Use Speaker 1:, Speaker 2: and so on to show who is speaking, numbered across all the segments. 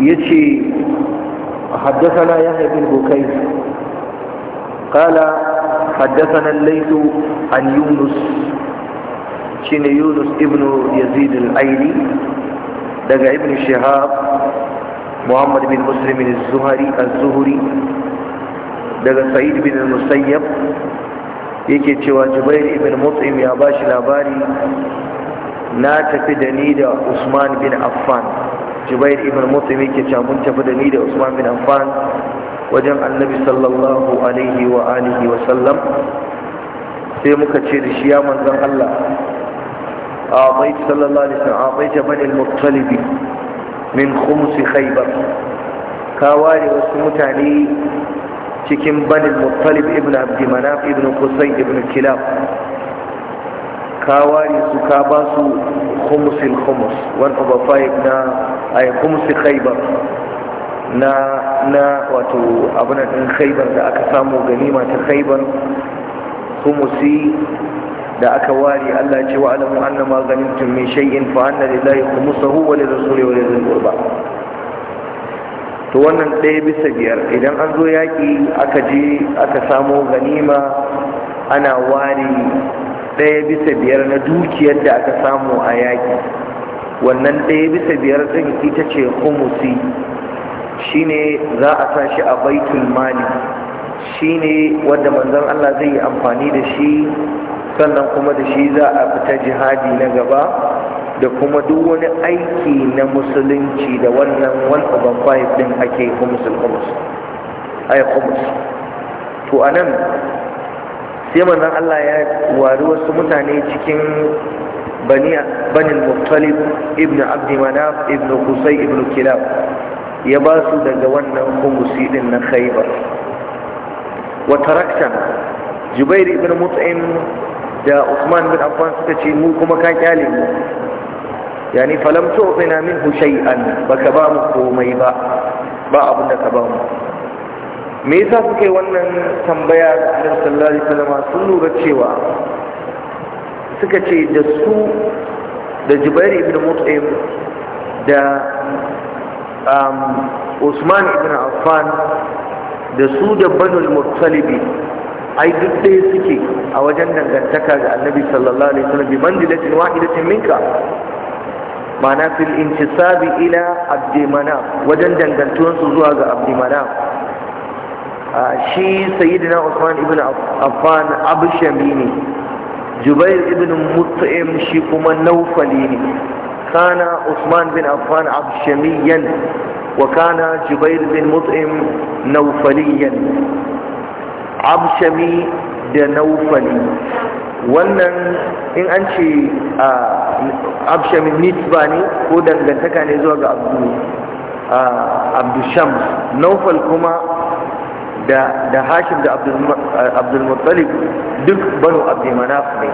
Speaker 1: يتشي حدثنا يحيى بن بكير قال حدثنا الليل عن يونس شين يونس ابن يزيد الأيلي دقى ابن شهاب محمد بن مسلم الزهري الزهري دقى سعيد بن المسيب yake cewa jubair ibn mut'im ya bashi labari na tafi da ni da usman bin affan jubair ibn mutum yake cewa mun tafi da ni da usman bin affan wajen annabi sallallahu alaihi wa alihi wa sallam sai muka ce da shi ya manzon Allah sallallahu أعطيت صلى الله عليه وسلم أعطيت بني المطلب من Ka ware wasu mutane cikin banin muttalib ibn abdi manaf ibn qusay ibn kilab ka ware su ka ba su khumusil khumus one over five na ay khumusil khaybar na na wato abin din khaybar da aka samu ganima ta khaybar khumusi da aka wari Allah ce wa alamu anna ma ganimtum min shay'in fa anna lillahi khumusahu wa lirrasuli wani lil qurba to wannan ɗaya bisa biyar idan an zo yaƙi aka je aka samo ganima ana wari. ɗaya bisa biyar na dukiyar da aka samu a yaƙi wannan ɗaya bisa biyar ɗin ita ce humusi shine za a sa shi a baitul mali shine wanda manzon Allah zai yi amfani da shi sannan kuma da shi za a fita jihadi na gaba da kuma duk wani aiki na musulunci da wannan one over five ɗin ake humus ai humus to anan sai manzon Allah ya wari wasu mutane cikin bani bani muttalib ibn Abdi manaf ibn qusay ibn kilab ya ba su daga wannan kumusi din na khaybar wa tarakta jubair ibn mut'im da usman bin affan suka ce mu kuma ka kyale mu yani falam tu'tina minhu shay'an baka ba mu komai ba ba abin da ka ba mu me yasa suka yi wannan tambaya da annabi sallallahu alaihi wasallam sun lura cewa suka ce da su da Jubair ibn Mut'im da um, Usman ibn Affan da su da Banul Muttalibi ai duk ɗaya suke a wajen dangantaka ga annabi sallallahu alaihi wasallam bi manzilatin wahidatin minka ma'ana fil intisabi ila abdi mana wajen dangantuwansu zuwa ga abdi mana? shi sayyidina Usman ibn Affan Abshami ne Jubair ibn Mut'im shi kuma Naufali ne kana Usman bin Affan Abshamiyan wa kana Jubair bin Mut'im Naufaliyan Abshami da Naufali wannan in an ce a Abshami nitba ne ko dangantaka ne zuwa ga Abdul Abdusham Naufal kuma da da hashim da abdulmuttalib duk banu abdulmanaf ne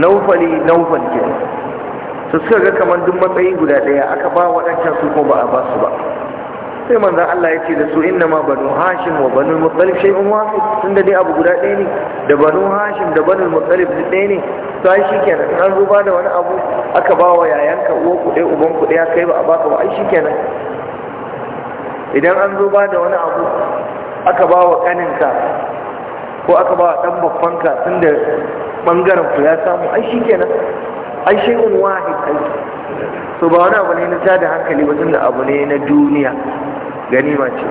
Speaker 1: naufali naufal ke su suka ga kamar duk matsayi guda ɗaya aka ba waɗancan su ko ba a ba su ba sai manzo Allah ya ce da su inna ma banu hashim wa banu muttalib shay'un wahid da dai abu guda ɗaya ne da banu hashim da banu muttalib duk ɗaya ne to ai shikenan in an zo ba da wani abu aka ba wa yayanka uwa ku ɗaya uban ku ɗaya kai ba a baka ba ai shikenan idan an zo ba da wani abu aka ba wa kaninka ko aka ba wa ɗan babbanka tun da ɓangaren ku ya samu ai shi kenan ai shi un wahid ai so ba wani abu ne na tada hankali ba tun da abu ne na duniya Gani ma ce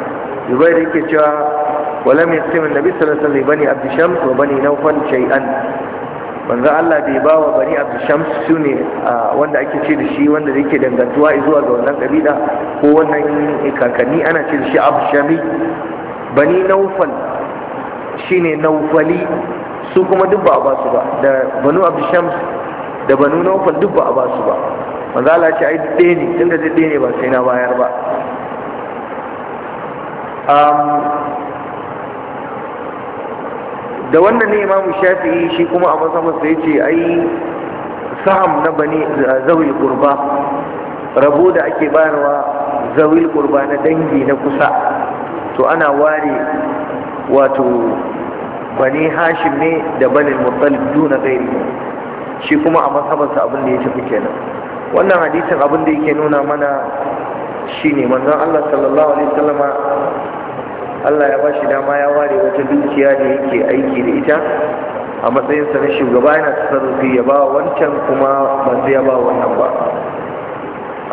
Speaker 1: zubai da yake cewa walam mai nabi sallallahu alaihi wasallam bani abdishams wa bani nawfal shay'an banza Allah bai ba wa bani Abdisham su ne wanda ake ce da shi wanda yake dangantuwa zuwa ga wannan kabila ko wannan kakanni ana ce da shi abshami bani naufal ne naufali su kuma duk ba a basu ba da banu abishams da banu naufal duk ba a basu ba manzo ce ai ɗaya ne tun da ɗaya ne ba sai na bayar ba da wannan ne imamu shafi'i shi kuma a masa ya ce ai saham na bani eh, zawil kurba rabo da ake bayarwa zawil kurba na dangi na kusa to ana ware wato bani hashim ne da banin mutsalib duna gairi shi kuma a masabarsa abin da ya tafi kenan wannan hadisin abin da yake nuna mana shi ne manzon Allah sallallahu alaihi Allah ya ba shi dama ya ware wata dukiya da yake aiki da ita a matsayinsa na shugaba yana tasarrufi ya ba wancan kuma ba zai ba wannan ba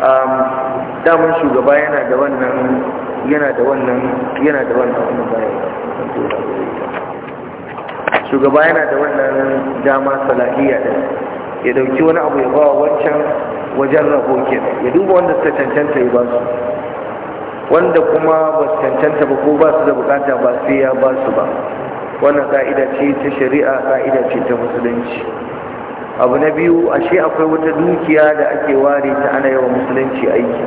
Speaker 1: Damar shugaba yana da wannan yana da wannan yana da wannan shugaba yana da wannan dama salahiyya da ya dauki wani abu ya bawa wancan wajen rabo kin, ya duba wanda suka cancanta ya ba su wanda kuma ba su cancanta ba ko ba su da bukata ba sai ya ba su ba wannan ka'ida ce ta shari'a ka'ida ce ta musulunci abu na biyu ashe akwai wata dukiya da ake ware ta ana yawa musulunci aiki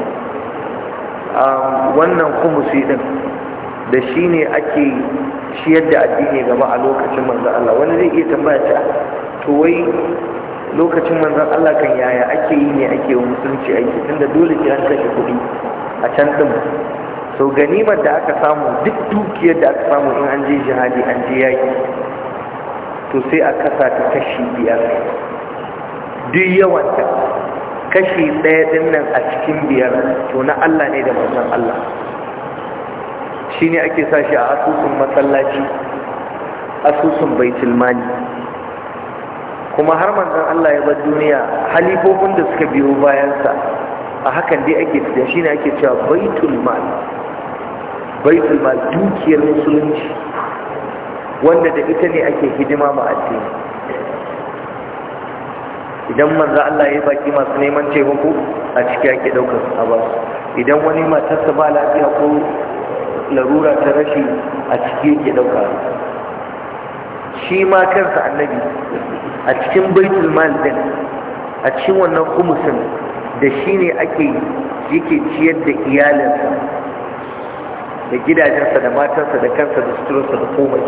Speaker 1: wannan kumusi din da shi ne ake shiyar da addini gaba a lokacin manzan Allah wani zai iya tambaya ta to wai lokacin manzan Allah kan yaya ake yi ne ake wa musulunci aiki tunda dole ki an kashe kuɗi a can ɗin so ganimar da aka samu duk dukiyar da aka samu in an je jihadi an je yaki to sai a kasa ta kashi biyar duk yawanta kashi ɗaya dinnan a cikin biyar to na Allah ne da manzon Allah shi ne ake sashi a asusun masallaci asusun baitul kuma har manzon Allah ya bar duniya halifofin da suka biyo bayansa a hakan dai ake tafiya shi ne ake cewa baitul mali baitul dukiyar musulunci wanda da ita ne ake hidima ma addini idan manzo Allah ya baki masu neman taimako a ciki yake daukar a ba idan wani matarsa ba lafiya ko larura ta rashi a ciki yake dauka shi ma kansa annabi a cikin baitul mal din a cikin wannan kumusin da shi ne ake yake ciyar da iyalinsa da gidajensa da matarsa da kansa da suturarsa da komai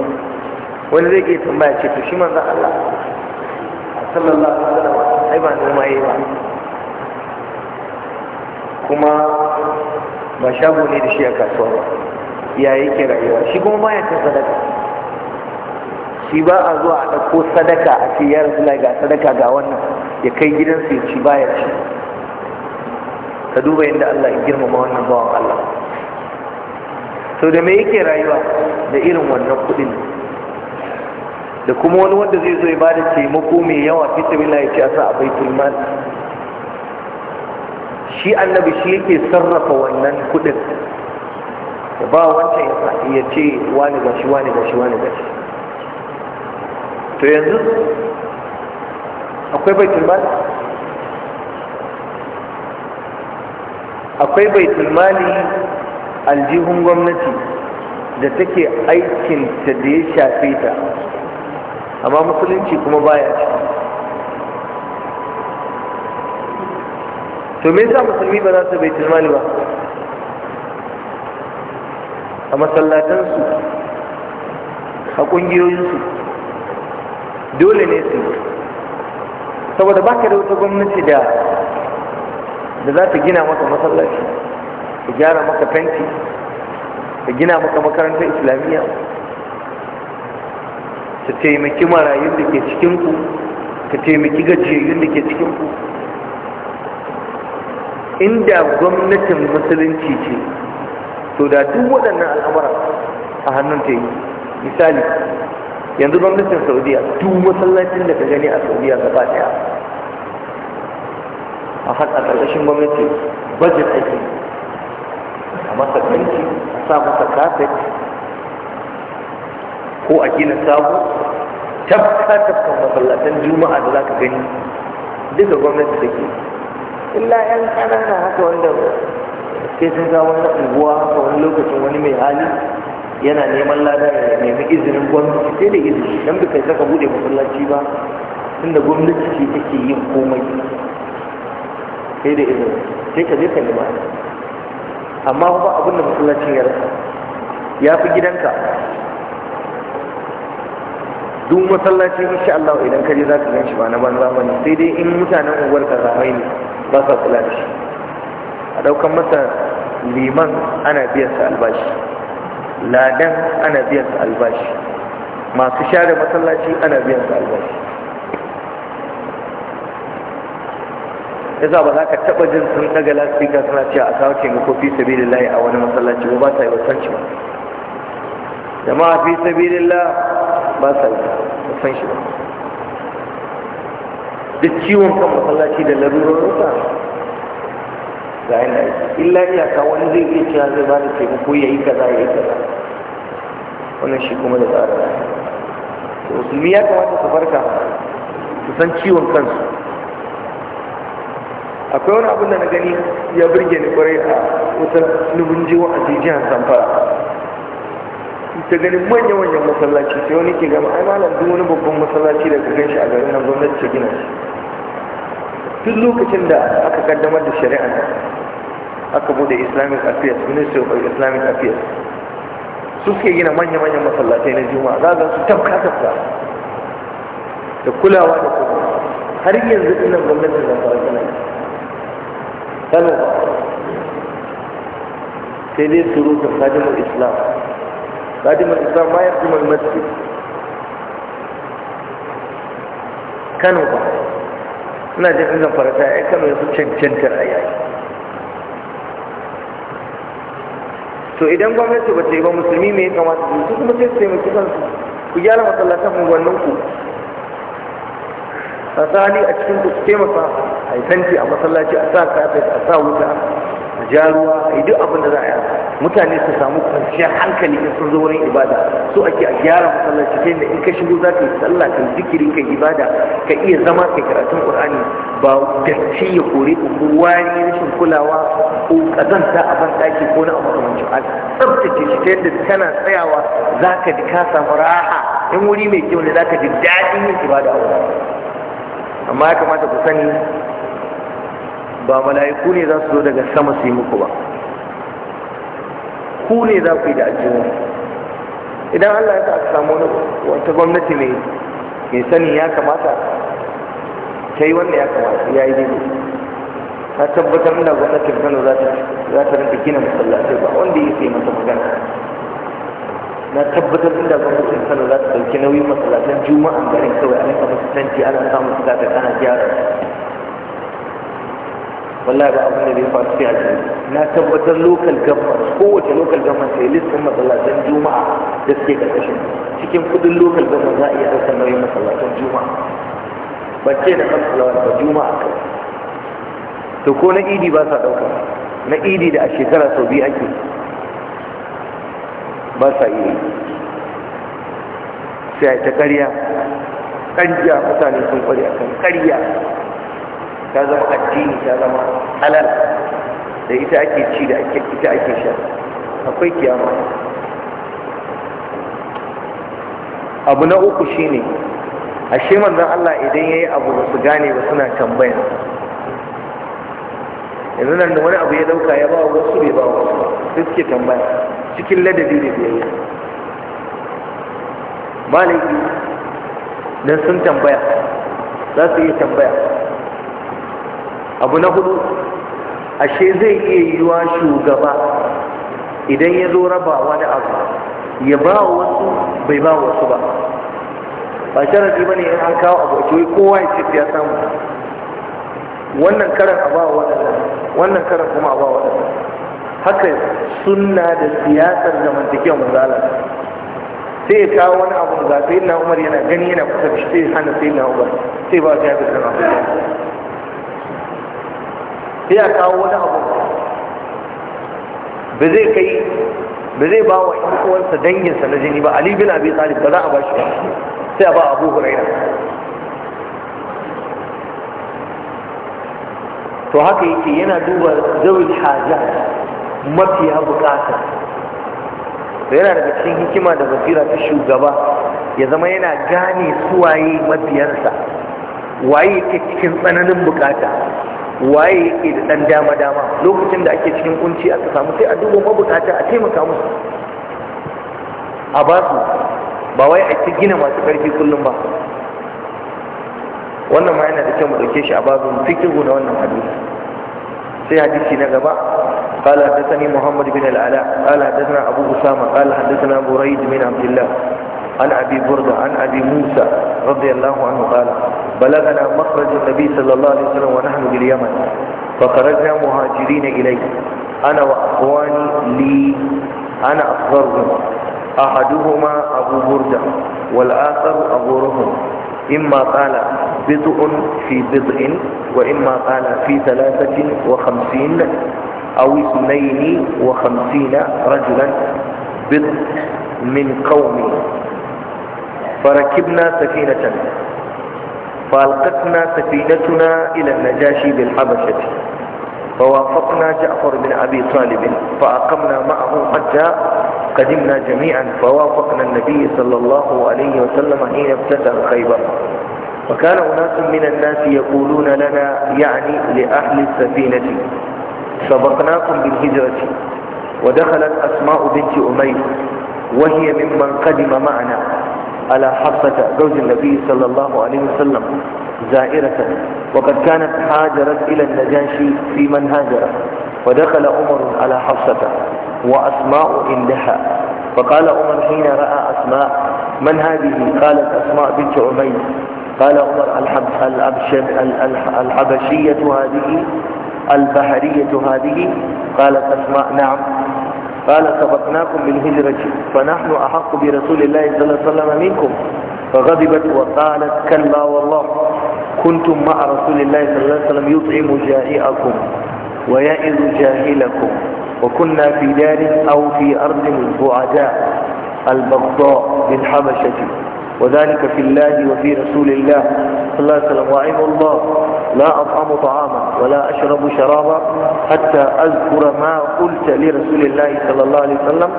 Speaker 1: wani zai iya tambaya ce to shi manzo Allah sallallahu alaihi wasallam ai ba noma yayi ba kuma ba shago ne da shi a kasuwa ba ya yake rayuwa shi kuma ba ya cin sadaka shi ba a zuwa a ɗauko sadaka a ce ya rasu ga sadaka ga wannan ya kai gidansu ya ci baya ci ka duba yadda Allah ya girmama wannan bawan Allah so da me yake rayuwa da irin wannan kuɗin da kuma wani wanda zai zo ya bada taimako mai yawa fi sabila ya ce a sa a baitul mal shi annabi shi yake sarrafa wannan kudin ya ba wancan ya ce wani gashi wani gashi wani gashi to yanzu akwai baitul mal akwai baitul mali aljihun gwamnati da take aikin ta da ya shafe ta amma musulunci kuma baya ciki to me yasa musulmi ba za su bai tilmali ba a masallatansu a ƙungiyoyinsu dole ne su saboda ba ka da wata gwamnati da da za ta gina maka masallaci ta gyara maka fenti ta gina maka makarantar islamiyya ka taimaki marayun da ke cikinku ka taimaki gajiyayyun da ke cikinku inda gwamnatin musulunci ce to da duk waɗannan al'amuran a hannun ta yi misali yanzu gwamnatin saudiya duk masallacin da ka gani a saudiya gaba daya a a ƙarƙashin gwamnati budget ake a masa kanci a sa masa kafet ko a gina sabo tafka tafkan masallatan juma'a da za ka gani duka gwamnati ke. illa yan kanana haka wanda sai sun ga wani unguwa haka wani lokacin wani mai hali yana neman lada ya nemi izinin gwamnati sai da izini don bai kai saka bude masallaci ba tunda gwamnati ce take yin komai sai da izini sai ka je ka nema amma ba abin da masallacin ya rasa ya fi gidanka duk masallaci insha Allah idan kaje zaka za ka ganshi ba na banza bane sai dai in mutanen unguwar ka zamai ne ba sa kula da shi a daukan masa liman ana biyan sa albashi ladan ana biyan sa albashi masu share masallaci ana biyan sa albashi yasa ba za ka taba jin sun daga lasfika suna cewa a kawo ko fi sabilillahi a wani masallaci ba ba ta yi wasanci ba jama'a fi sabilillah ba sa yi san shi ba duk ciwon kan masallaci da larurorinsa ga yana yi illa iyaka wani zai iya cewa zai ba da taimako ya yi kaza ya yi kaza wannan shi kuma da tsara to musulmi ya kamata su farka su san ciwon kansu akwai wani abin da na gani ya birge ni kwarai a wutar nubin jiwon a jijiyar zamfara ta ganin manya-manyan masallaci sai wani ke gama ai malam duk wani babban masallaci da ka ganshi shi a garin nan gwamnati ta gina shi duk lokacin da aka kaddamar da shari'a aka bude islamic affairs ministry of islamic affairs su suke gina manya-manyan masallatai na juma'a za su tabka tabka da kulawa da kuma har yanzu ina gwamnati da fara tana kano sai dai surutun hajjimar islam خادم الإسلام ما يخدم المسجد كانوا بعض ina jin izin farata ya kano ya fi cancantar ta yayi to idan gwamnati ba ta yi ba musulmi mai kamata su su kuma sai su taimaki kansu ku gyara masallatan unguwannin ku a tsari a cikin ku taimaka a yi tanti a masallaci a sa kafet a sa wuta jaruwa a yi duk abin da za a yi mutane su samu kwanciyar hankali in sun zo wurin ibada so ake a gyara masallaci ta yadda in ka shigo za ka yi sallah ka zikiri ka ibada ka iya zama ka karatun qur'ani ba shi ya kore ku ko wani rashin kulawa ko kazanta a ban daki ko na abu kamar a tsabtace shi ta yadda kana tsayawa za ka ji ka samu raha in wuri mai kyau ne za ka ji daɗin yin ibada amma ya kamata ku sani ba mala'iku ne za su zo daga sama su yi muku ba ku ne za ku yi da ajiyar idan Allah ya ta samu wata gwamnati mai mai sani ya kamata ta yi wanda ya kamata ya yi ne na tabbatar da gwamnatin Kano za ta rinka gina masallatai ba wanda ya sai mata magana na tabbatar da gwamnatin Kano za ta dauki nauyin masallatan Juma'a garin kawai a rinka masu tanti ana samun su ta kana gyara wallahi ba abin da bai faru sai alheri na tabbatar local government kowace local government sai listin masallatan juma'a da suke karkashin cikin kudin local government za a iya ɗaukar nauyin masallatan juma'a ban ce da kan salawar ba juma'a kai to ko na idi ba sa ɗauka na idi da a shekara sau biyu ake ba sa iya sai ta ƙarya ƙarya mutane sun ƙware akan ƙarya ta zama addini ta zama halal da ita ake ci da ita ake sha akwai kiyama abu na uku shine ashe manzon Allah idan ya yi abu ba su gane ba suna tambaya yanzu nan da wani abu ya dauka ya ba wasu bai ba wasu ba sai suke tambaya cikin ladabi da biyayya maliki dan sun tambaya za su iya tambaya abu na hudu ashe zai iya yiwa shugaba idan ya zo rabawa wani abu ya ba wasu bai ba wasu ba ba sharadi ba ne in an kawo abu ake kowa ya ce ya samu wannan karan a ba waɗannan wannan karan kuma a ba waɗannan haka sunna da siyasar zamantakewar manzala sai ya kawo wani abu da zafi na umar yana gani yana kusa da shi sai hana sai na umar sai ba ta yi da sai ya kawo wani abu ba zai kai ba zai ba wa ɗan danginsa na jini ba ali bin abi talib ba za a ba shi sai a ba abu huraira to haka yake yana duba zawil haja ya bukata yana daga cikin hikima da basira ta shugaba ya zama yana gane suwaye mabiyarsa waye ke cikin tsananin bukata waye yake da dan dama dama lokacin da ake cikin kunci aka samu sai a duba mabukata a taimaka musu a ba su ba wai a ci gina masu karfi kullum ba wannan ma yana da kyau mu dauke shi a su fikihu na wannan hadisi sai hadisi na gaba قال حدثني محمد بن العلاء قال حدثنا ابو اسامه قال حدثنا بريد بن عبد الله عن أبي بردة عن أبي موسى رضي الله عنه قال بلغنا مخرج النبي صلى الله عليه وسلم ونحن باليمن فخرجنا مهاجرين إليه أنا وأخواني لي أنا أصغرهم أحدهما أبو بردة والآخر أبورهم إما قال بضع في بضع وإما قال في ثلاثة وخمسين أو اثنين وخمسين رجلا بضع من قومي فركبنا سفينة فألقتنا سفينتنا إلى النجاشي بالحبشة فوافقنا جعفر بن أبي طالب فأقمنا معه حتى قدمنا جميعا فوافقنا النبي صلى الله عليه وسلم حين افتتح خيبر وكان أناس من الناس يقولون لنا يعني لأهل السفينة سبقناكم بالهجرة ودخلت أسماء بنت أمير وهي ممن قدم معنا على حفصة زوج النبي صلى الله عليه وسلم زائرة وقد كانت هاجرت إلى النجاشي في من هاجر ودخل عمر على حفصة وأسماء عندها فقال عمر حين رأى أسماء من هذه قالت أسماء بنت عميس قال عمر الحبشية هذه البحرية هذه قالت أسماء نعم قال سبقناكم بالهجرة فنحن أحق برسول الله صلى الله عليه وسلم منكم فغضبت وقالت كلا والله كنتم مع رسول الله صلى الله عليه وسلم يطعم جائعكم ويئذ جاهلكم وكنا في دار أو في أرض البعداء البغضاء للحبشة وذلك في الله وفي رسول الله صلى الله عليه وسلم وعيم الله لا أطعم طعاما ولا أشرب شرابا حتى أذكر ما قلت لرسول الله صلى الله عليه وسلم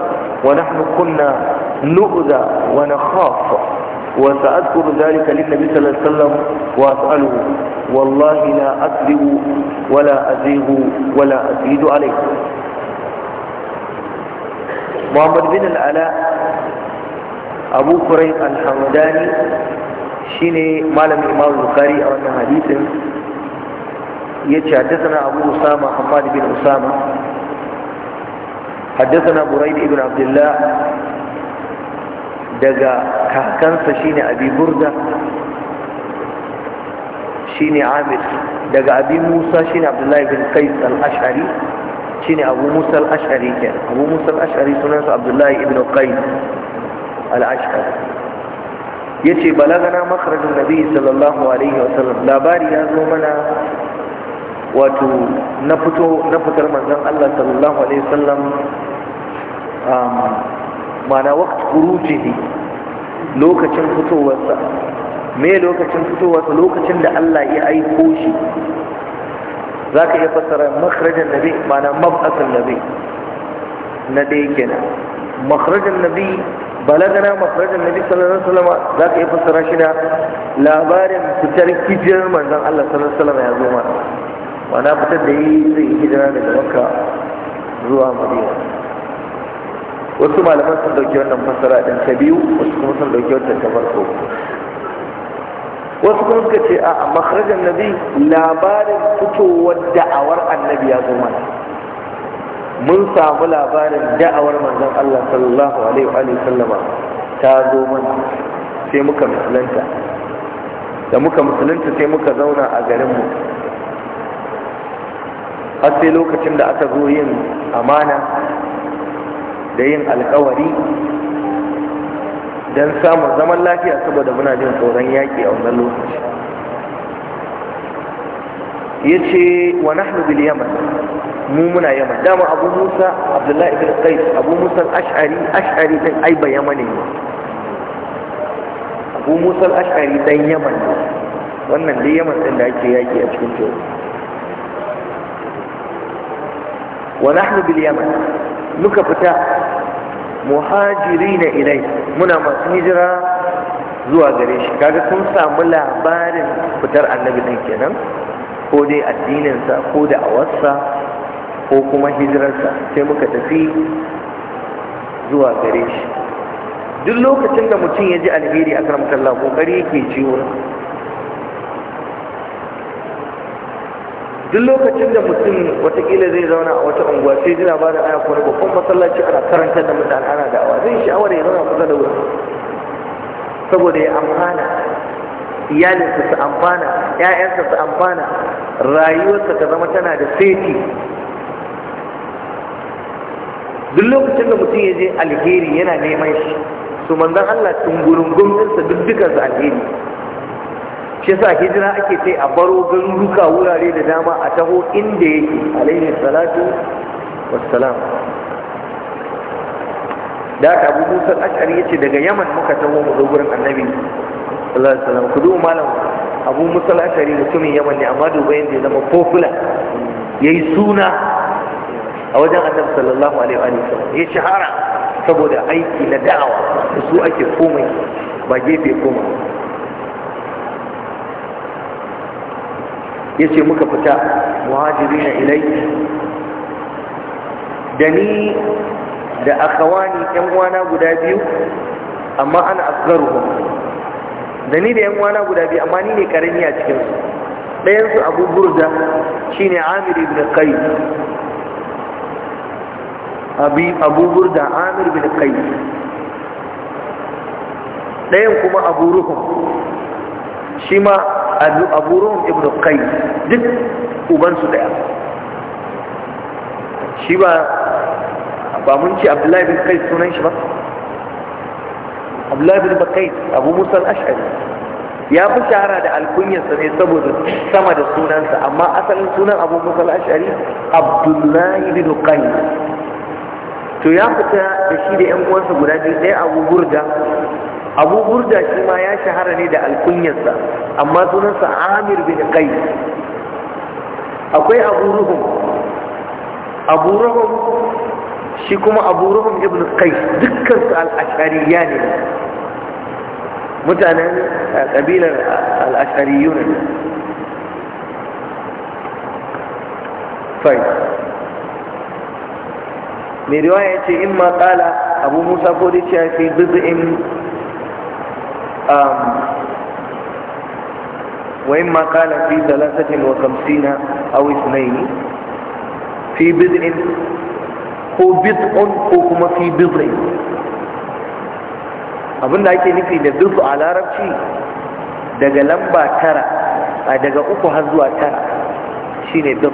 Speaker 1: ونحن كنا نؤذى ونخاف وسأذكر ذلك للنبي صلى الله عليه وسلم وأسأله والله لا أكذب ولا أزيغ ولا أزيد عليه محمد بن العلاء abu kurai alhamdani shi ne malamin imam bukari a wannan hadisin ya ce haddasa abu usama hamad bin usama haddasa buraid ibn abdullah daga kakansa shine abi burda shine amir daga abi musa shine abdullahi bin qais al-ash'ari shine abu musa al-ash'ari kenan abu musa al-ash'ari sunansa abdullahi ibn qais al-ashqar yace balagana makharajin nabi sallallahu alaihi wasallam labari ya zo mana wato na fito na fitar manzon Allah sallallahu alaihi wasallam um mana waqt ne. lokacin fitowarsa me lokacin fitowarsa lokacin da Allah ya aiko shi Za ka iya fassara makharajin nabi mana mab'asan nabi na dai kenan makharajin nabi balagana mafarajin nabi sallallahu alaihi wasallam za ka yi fassara shi da labarin fitar hijirar manzon Allah sallallahu alaihi wasallam ya zo mana na fitar da yi zai yi hijira daga makka zuwa madina wasu malaman sun dauki wannan fassara din ta biyu wasu kuma sun dauki wannan ta farko wasu kuma suka ce a mafarajin nabi labarin fitowar da'awar annabi ya zo mana mun samu labarin da'awar manzon Allah sallallahu alaihi wa sallama ta zo mana sai muka musulunta da muka musulunta sai muka zauna a garin mu har sai lokacin da aka zo yin amana da yin alkawari don samun zaman lafiya saboda muna jin tsoron yaƙi a wannan lokaci Ya ce wa nahnu bil yaman mu muna yaman dama abu musa abdullahi ibn qais abu musa ash'ari ash'ari din ai ba yamani ne abu musa ash'ari dan yaman ne wannan dai yaman din da ake yaki a cikin to wa nahnu bil yaman muka fita muhajirina ilai muna masu hijira zuwa gare shi kaga sun samu labarin fitar annabi din kenan ko dai addininsa ko da awarsa ko kuma hijirarsa sai muka tafi zuwa gare shi duk lokacin da mutum ya ji alheri a karamtalla kokari yake ji duk lokacin da mutum watakila zai zauna a wata unguwa sai ji labarin ana kone babban masallaci ana karanta da mutane ana da'awa zai sha'awar ya zauna kusa da wuri saboda ya amfana iyalinsa su amfana ƴaƴansa su amfana rayuwarsa ta zama tana da saiti duk lokacin da mutum ya je alheri yana neman shi su manzan Allah gurungun ɗinsa duk su alheri shi yasa hijira ake sai a baro garuruka wurare da dama a taho inda yake alaihi salatu wassalam da aka abu musa ashari ya ce daga yaman muka taho mu zo gurin annabi sallallahu alaihi wasallam ku duba malam abu Musa ashari mutumin yaman ne amma duba yadda ya zama popular yi suna a wajen annabi sallallahu alaihi wasallam ya shahara saboda aiki na da'awa su ake komai ba gefe koma. ya ce muka fita muhajiri na ilai da ni da akawani yan uwana guda biyu amma ana asgaruhum da ni da yan uwana guda biyu amma ni ne karami a cikin su ɗayan su Abu Burda ne Amir ibn kai Abu Burda Amir ibn kai ɗayan kuma Abu ruhun shi ma Abu ruhun ibn kai duk ubansu ɗaya shi ba ba mun ce Abdullahi ibn kai sunan shi ba abdullahi bin bakai abu musa ashari ya fi shahara da alkunyarsa ne saboda sama da sunansa amma asalin sunan abu musa ashari abdullahi bin qais to ya fita da shi da yan uwansa guda biyu ɗaya abu burda abu burda shi ma ya shahara ne da alkunyarsa amma sunansa amir bin qais akwai abu ruhum abu ruhum shi kuma abu ruhum ibn Kai dukkan su al-ash'ariyya ne متعنا قبيل الأشعريون طيب من رواية إما قال أبو موسى فوريشا في بضع وإما قال في ثلاثة وخمسين أو اثنين في بضع هو بضع وكما في بضع abinda ake nufi da zurfu a larabci daga lamba tara a daga uku har zuwa tara shine duk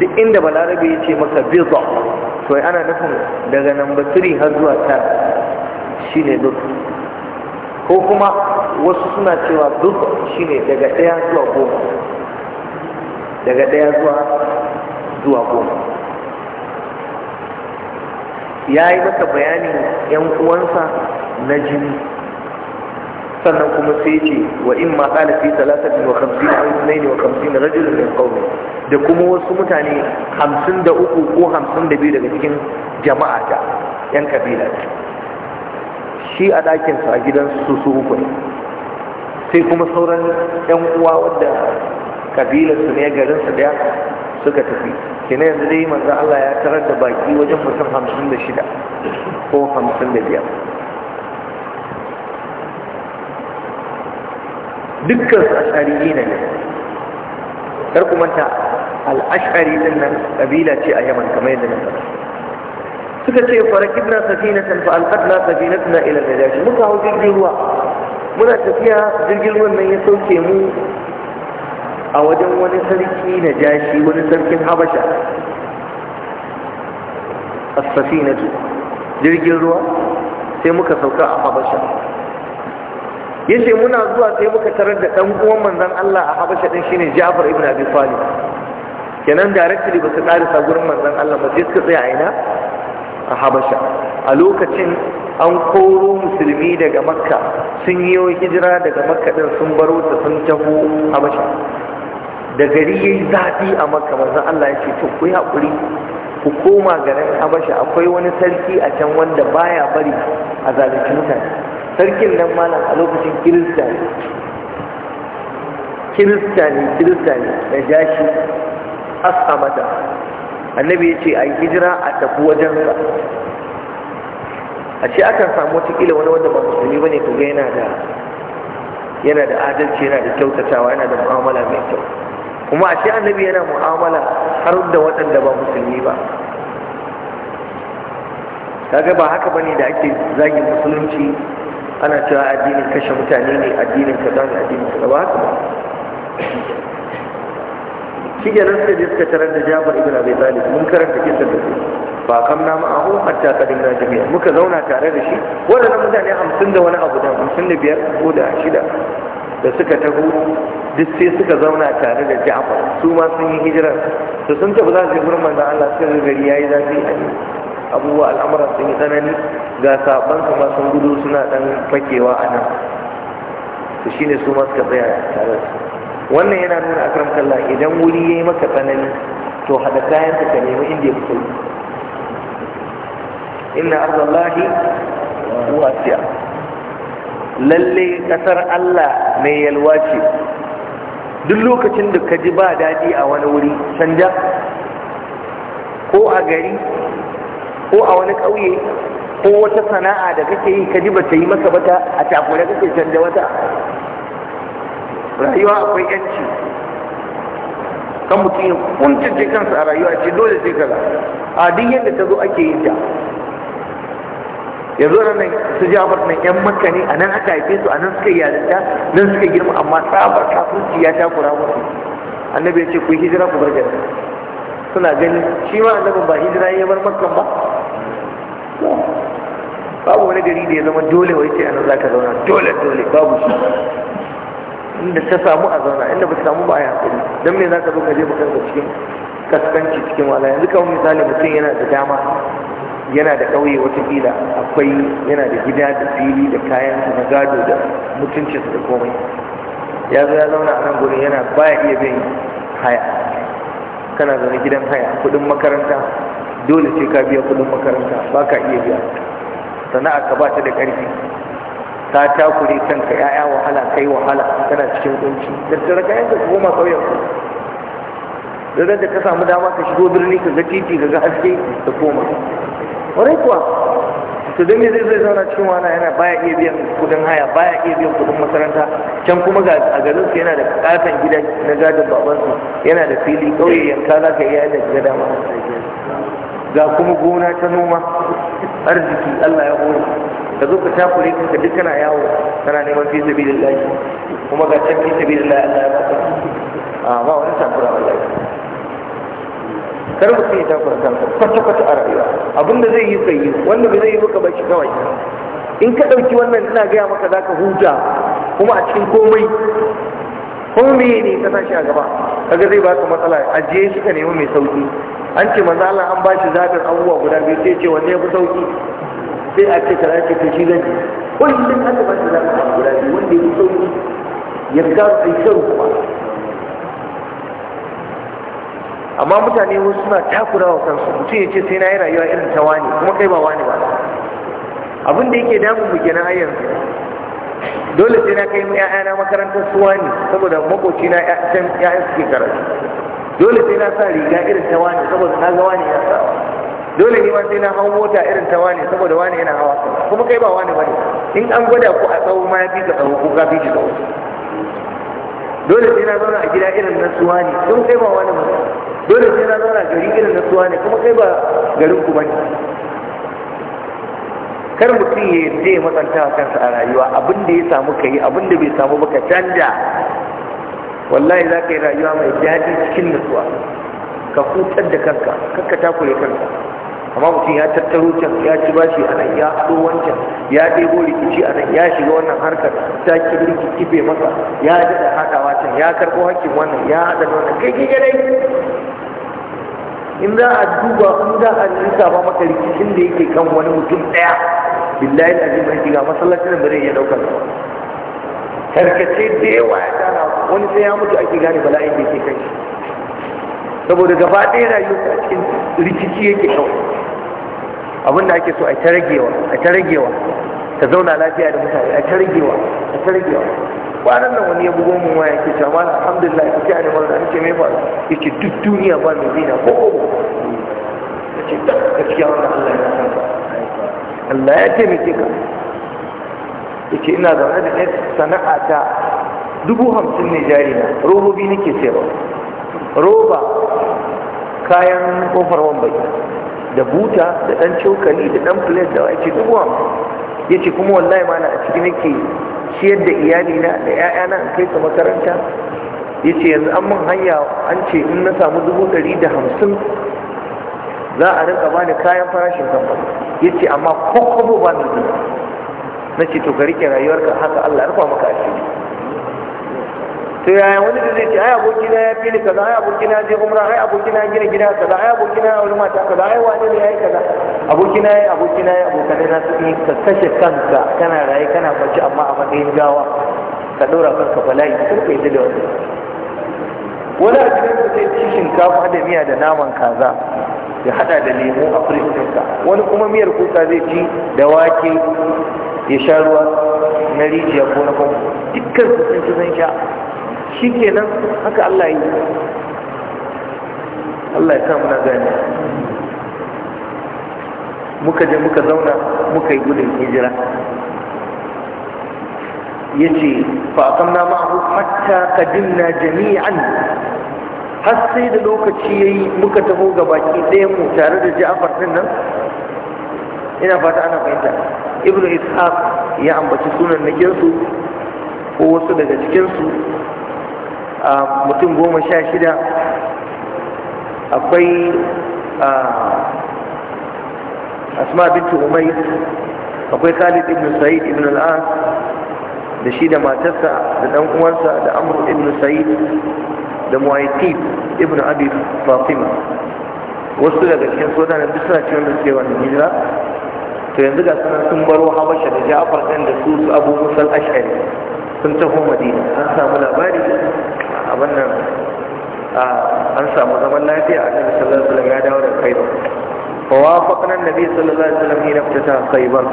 Speaker 1: duk inda balarabe ya ce maka bizo to ana nufin daga namba turi har zuwa tara shine duk ko kuma wasu suna cewa duk ne daga ɗaya zuwa goma daga ɗaya zuwa goma ya yi masa bayanin yan uwansa na jini sannan kuma sai ce wa in ma kala fi salatin wa yi zunai ne wa khamsina rajulun min qawmi da kuma wasu mutane hamsin da uku ko hamsin da biyu daga cikin jama'a ta yan kabila shi a ɗakinsa a gidan su su uku sai kuma sauran yan uwa wadda kabilarsu ne garinsu daya suka tafi kina yanzu dai manzo Allah ya tarar da baki wajen mutum hamsin da shida ko hamsin da biyar dukkan su ashari ne ne kar ku manta al-ashari din nan kabila ce a Yaman kamar yadda na faɗa suka ce fara farakibna safinatan fa alqadna safinatna ila najashi muka hau jirgin ruwa muna tafiya jirgin ruwan nan ya sauke mu a wajen wani sarki na jashi wani sarkin habasha a as na jirgin ruwa sai muka sauka a habasha Ya ce muna zuwa sai muka tarar da ɗan uwan manzan Allah a habasha ɗin shine Ja'far ibn Abi fali kenan directly ba su karisa gurin manzan Allah ba sai suka tsaya a ina a habasha a lokacin an koro musulmi daga makka sun yi hijira daga makka ɗin sun baro ta sun taho habasha da gari ya yi zafi a maka maza Allah ya ce to ku yi haƙuri ku koma garin habasha akwai wani sarki a can wanda baya bari a zalunci mutane sarkin nan malam a lokacin kirista ne kirista ne kirista ne da jashi mata annabi ya ce a yi hijira a tafi wajen wajensa a ce akan samu wata wani wanda ba musulmi ba ne ku ga yana da yana da adalci yana da kyautatawa yana da mu'amala mai kyau kuma a ce annabi yana mu'amala har da waɗanda ba musulmi ba kaga ba haka bane da ake zagin musulunci ana cewa addinin kashe mutane ne addinin ka ne addinin ka ba haka ba nan suka je suka tarar da Jafar ibn Abi Talib mun karanta kisan da su ba kam na ma'ahu hatta na jami'a muka zauna tare da shi wannan mutane hamsin da wani abu da hamsin da biyar ko da shida da suka taho duk sai suka zauna tare da ja'far su ma sun yi hijirar to sun tafi za su yi gurin manzon Allah sai gari yayi zafi yi ne abubuwa al'amuran sun yi tsanani ga saban ma sun gudu suna dan fakewa a nan to shine su ma suka tsaya tare wannan yana nuna akram kallah idan wuri yayi maka tsanani to hada kayan ka nemi inda ya fito inna ardallahi wasi'a lalle kasar Allah mai yalwa ce duk lokacin da ka ji ba daɗi a wani wuri canja ko a gari ko a wani ƙauye ko wata sana'a da kake yi ka ji ba ta yi maka bata a takure kake canja wata rayuwa akwai yanci kan mutum ya kuntace kansa a rayuwa ce dole sai kaza a duk yadda ta zo ake yi ta yanzu nan su jabar nan yan makka ne a nan aka haife su a nan suka yarinta nan suka girma amma tsabar kafirci ya takura musu annabi ya ce ku hijira ku bar gari suna ganin shi ma annabin ba hijira ya bar makka ba babu wani gari da ya zama dole wai a nan zaka zauna dole dole babu shi inda ta samu a zauna inda ba samu ba a yankuri don me za ka zo ka je bakanka cikin kaskanci cikin wala yanzu kawai misali mutum yana da dama yana da ƙauye watakila akwai yana da gida da fili da kayan na gado da mutuncinsa da komai ya zo ya zauna a nan gurin yana baya iya bin haya kana zaune gidan haya kudin makaranta dole sai ka biya kudin makaranta ba ka iya biya sana'a ka ba ta da ƙarfi ta takure kanka ya'ya wahala kai wahala kana cikin kunci da tsara kayan ka goma ƙauyen ku da da ka samu dama ka shigo birni ka ga titi ka ga haske ka koma Wani kuwa su don zai zai zauna cikin wani yana baya iya biyan kudin haya baya iya biyan kudin makaranta can kuma ga a garin su yana da katon gida na gadin babansu yana da fili ƙauye yanka za ka iya yadda ga dama ga kuma gona ta noma arziki Allah ya hori ka zo ka takure ka duk kana yawo kana neman fi sabilillah kuma ga can fi sabilillah Allah ya baka a ah, ba wani takura wallahi kar mutum ya takura kansa kwata-kwata a rayuwa abinda zai yi sai yi wanda ba zai yi maka shi kawai in ka ɗauki wannan ina gaya maka za ka huta kuma a cikin komai komai ne ka tashi a gaba kaga zai baka matsala ajiye shi ka nemi mai sauki an ce manzo Allah an bashi zakar abubuwa guda biyu sai ce wanne ya fi sauki sai a ce kaza ce to shi zan Ko kullum aka bashi zaɓin abu guda biyu wanda ya fi sauki ya fi gasu aikar amma mutane wasu suna takura wa kansu mutum ya ce sai na yi rayuwa irin ta wani kuma kai ba wani ba abin da yake damun mu kenan har yanzu dole sai na kai 'ya'yana makarantar su wani saboda makoci na ƴaƴan suke karatu dole sai na sa riga irin ta wani saboda na ga wani ya sa dole ne ma sai na hau mota irin ta wani saboda wani yana hawa kuma kai ba wani ne. in an gwada ku a tsawo ma ya fi ka tsawo ko ka fi ki tsawo dole sai na zauna a gida irin na suwa ne kun kai ba wani mutum dole sai na zauna gari irin na suwa ne kuma kai ba garin ku bane kar mutum ya je matsanta kansa a rayuwa abin da ya samu ka yi abin da bai samu baka canja wallahi za ka yi rayuwa mai daɗi cikin nutsuwa ka hutar da kanka kakka takure kanka amma mutum ya tattaro can ya ci bashi a nan ya haɗo wancan ya ɗebo rikici a nan ya shiga wannan harkar ta rikici bai masa ya ji da haɗawa can ya karɓo hakkin wannan ya haɗa wannan kai kike dai in za a duba in za a nisa ba maka rikicin da yake kan wani mutum ɗaya billahi da azim shiga masallacin da bari ya ɗaukar ba tarkace da yawa ya tara wani sai ya mutu ake gane bala'i da yake kai saboda gaba ɗaya rayuwa a cikin rikici yake kawai abin da ake so a ta a ta ta zauna lafiya da mutane a ta a ta ragewa kwanan nan wani ya bugo mun waya ke cewa malam alhamdulillah ku ta ne da ake me faru ce duk duniya ba mai zina ko ko yace ta gaskiya wannan Allah ya san ka Allah ya taimake ka yace ina zaune da ɗaya sana'a ta dubu hamsin ne jari na robobi nake sayarwa roba kayan kofar wambai da buta da ɗan cokali da ɗan plate da wace dubuwa ya ce kuma wallahi ma na a ciki nake ciyar da iyalina da 'ya'yana in kai su makaranta ya ce yanzu an mun hanya an ce in na samu dubu ɗari da hamsin za a rinka bani kayan farashin kamfan ya ce amma ko kwabo ba mai na ce to ka rike rayuwarka haka allah rufa maka asiri to yaya wani da zai ce ai abokina ya fili kaza ai abokina je umra ai abokina ya gina gida kaza ai abokina na wani mata kaza ai wani ne yayi kaza abokina ya abokina ya abokanai na su yi ka kashe kanka kana raye kana mace amma a matsayin gawa ka dora kanka bala'i kar ka yi da wani wani a cikin su sai ci shinkafa da miya da naman kaza ya hada da lemu a firistinka wani kuma miyar kuka zai ci da wake ya sha ruwa na rijiya ko na kwamfu dukkan su sun ci sun sha shi kenan haka Allah yi Allah ya na gani muka je muka zauna muka yi gudun hijira ya ce faƙon na ma'ahu hatta kadimna jami'an har sai da lokaci ya yi muka taho ga baki ɗayanmu tare da ja'afar ɗin nan ina fata ana fahimta ibnu ishaq ya ambaci sunan nakinsu ko wasu daga cikinsu mutum goma sha shida akwai asma bintu umais akwai khalid ibn sa'id ibn al'as da shi da matarsa da dan uwansa da amr ibn sa'id da muwaitib ibn abi fatima wasu daga cikin sojanin duk suna cikin da suke wannan hijira to yanzu ga sunan sun baro habasha da ja'far ɗin da su su abu musal ash'ari sun taho madina an samu labari abin nan an samu zaman lafiya a cikin sallar wasallam ya dawo daga khaibar fa wafaqna annabi sallallahu alaihi wasallam fita ftata khaibar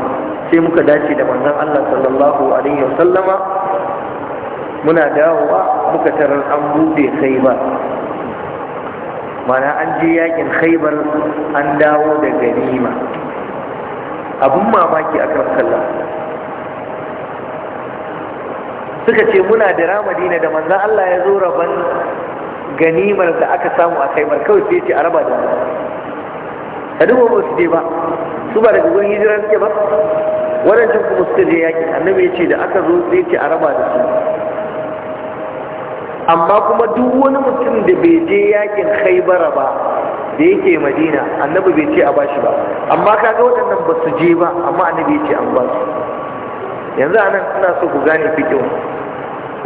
Speaker 1: sai muka dace da manzon Allah sallallahu alaihi wasallama muna dawowa muka tarar an bude khaibar mana an je yakin khaibar an dawo da ganima abun mamaki akan sallah suka ce muna da ramadina da manzan Allah ya zo rabon ganimar da aka samu a kaimar kawai sai ce a raba da ta duba ba su je ba su ba daga gudun hijira suke ba waɗancan kuma suka je yaƙi annabi ya ce da aka zo sai ce a raba da su amma kuma duk wani mutum da bai je yaƙin khaibara ba da yake madina annabi bai ce a ba shi ba amma kaga waɗannan ba su je ba amma annabi ya ce an ba su yanzu anan ina so ku gane fikin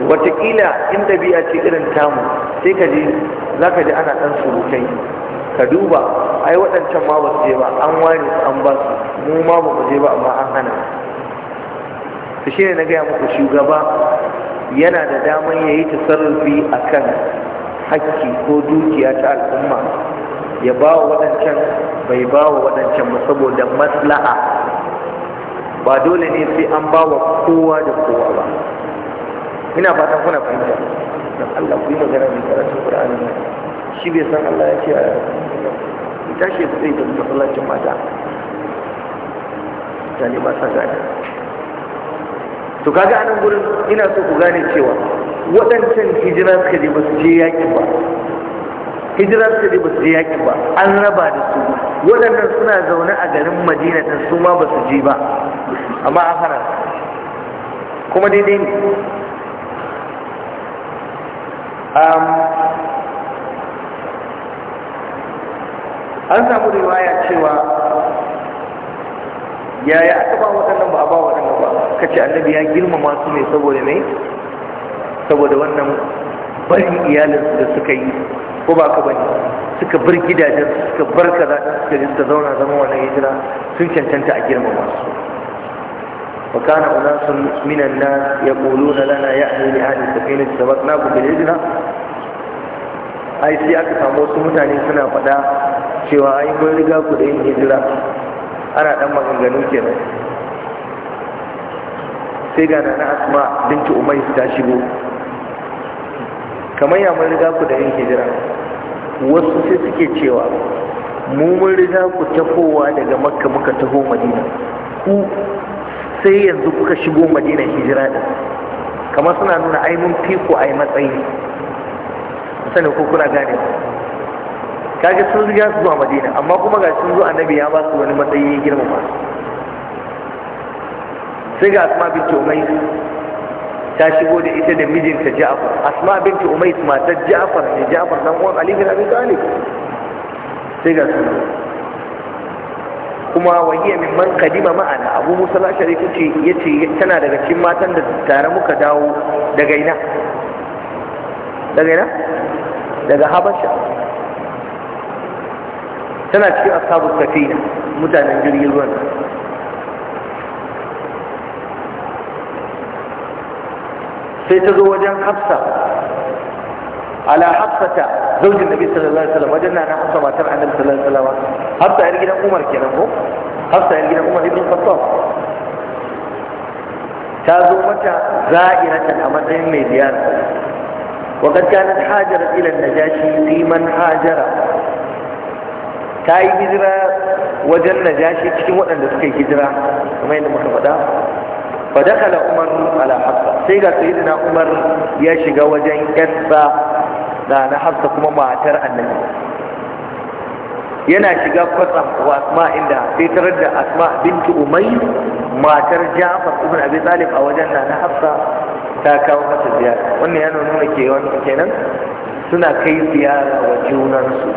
Speaker 1: watakila inda biya ce irin tamu sai ka ji za ka ji ana ɗan surukai ka duba ai waɗancan ma ba su je ba an ware su an ba su mu ma ba ku je ba amma an hana to shi ne na gaya muku shugaba yana da damar ya yi tasarrufi a kan hakki ko dukiya ta al'umma ya ba wa waɗancan bai ba wa waɗancan ba saboda maslaha ba dole ne sai an ba wa kowa da kowa ba ina fatan kuna fahimta dan Allah ku yi magana mai karatun Qur'ani shi bai san Allah ya ce a in tashi ya fita da masallacin mata mutane ba sa gane to kaga anan gurin ina so ku gane cewa waɗancan hijira suka je ba su je yaƙi ba hijira suka je ba su je yaƙi ba an raba da su waɗannan suna zaune a garin madina ɗin su ma ba su je ba amma an hana kuma daidai ne an samu riwaya cewa yaya aka ba waɗannan ba a ba waɗannan ba ce annabi ya girmama su ne saboda ne saboda wannan barin iyalinsu da suka yi ko ba ka bane suka bar gidajen suka bar kaza suka je suka zauna zama wannan hijira sun cancanta a girmama su وكان أناس من الناس يقولون لنا يأتي لهذه السفينة سبقناكم بالهجرة ai sai aka samu wasu mutane suna faɗa cewa ai mun riga ku da yin hijira ana ɗan maganganu kenan sai ga na asma binci umar ta shigo kamar ya mun riga ku da yin hijira wasu sai suke cewa mu mun riga ku tafowa daga makka muka taho madina ku sai yanzu kuka shigo madinar hijira din kamar suna nuna ai mun fi ku ai matsayi sani ko kuna gane kaga sun riga su zuwa madina amma kuma ga sun zo annabi ya ba su wani matsayi ya girma ba sai ga asma binti umais ta shigo da ita da mijinta ja'afar asma binti umais matar ja'afar ne ja'afar dan uwan ali bin abi talib sai ga sun kuma wahiya min man kadima ma'ana abu musa lashari kuce ya ce tana daga cikin matan da tare muka dawo daga ina daga ina daga habasha tana cikin ashabu safina mutanen jirgin ruwan sai ta zo wajen hafsa على حفصة زوج النبي صلى الله عليه وسلم وجدنا أن حفصة ما تبع النبي صلى الله عليه وسلم حفصة يلقينا عمر كنا حفصة يلقينا عمر بن الخطاب كازو متى زائرة أمتين من وقد كانت هاجرت إلى النجاشي في من حاجر تاي هجرة وجن نجاشي تكون أن تسكي هجرة وما يلم فدخل عمر على حفصة سيغا سيدنا عمر يشغى وجن كثبة na na hafsa kuma matar annabi yana shiga kwatsam wa asma inda sai tarar da asma binti umayy matar jafar ibn abi talib a wajen na na hafsa ta kawo masa ziyara wannan yana nuna ke wannan kenan suna kai ziyara wa junansu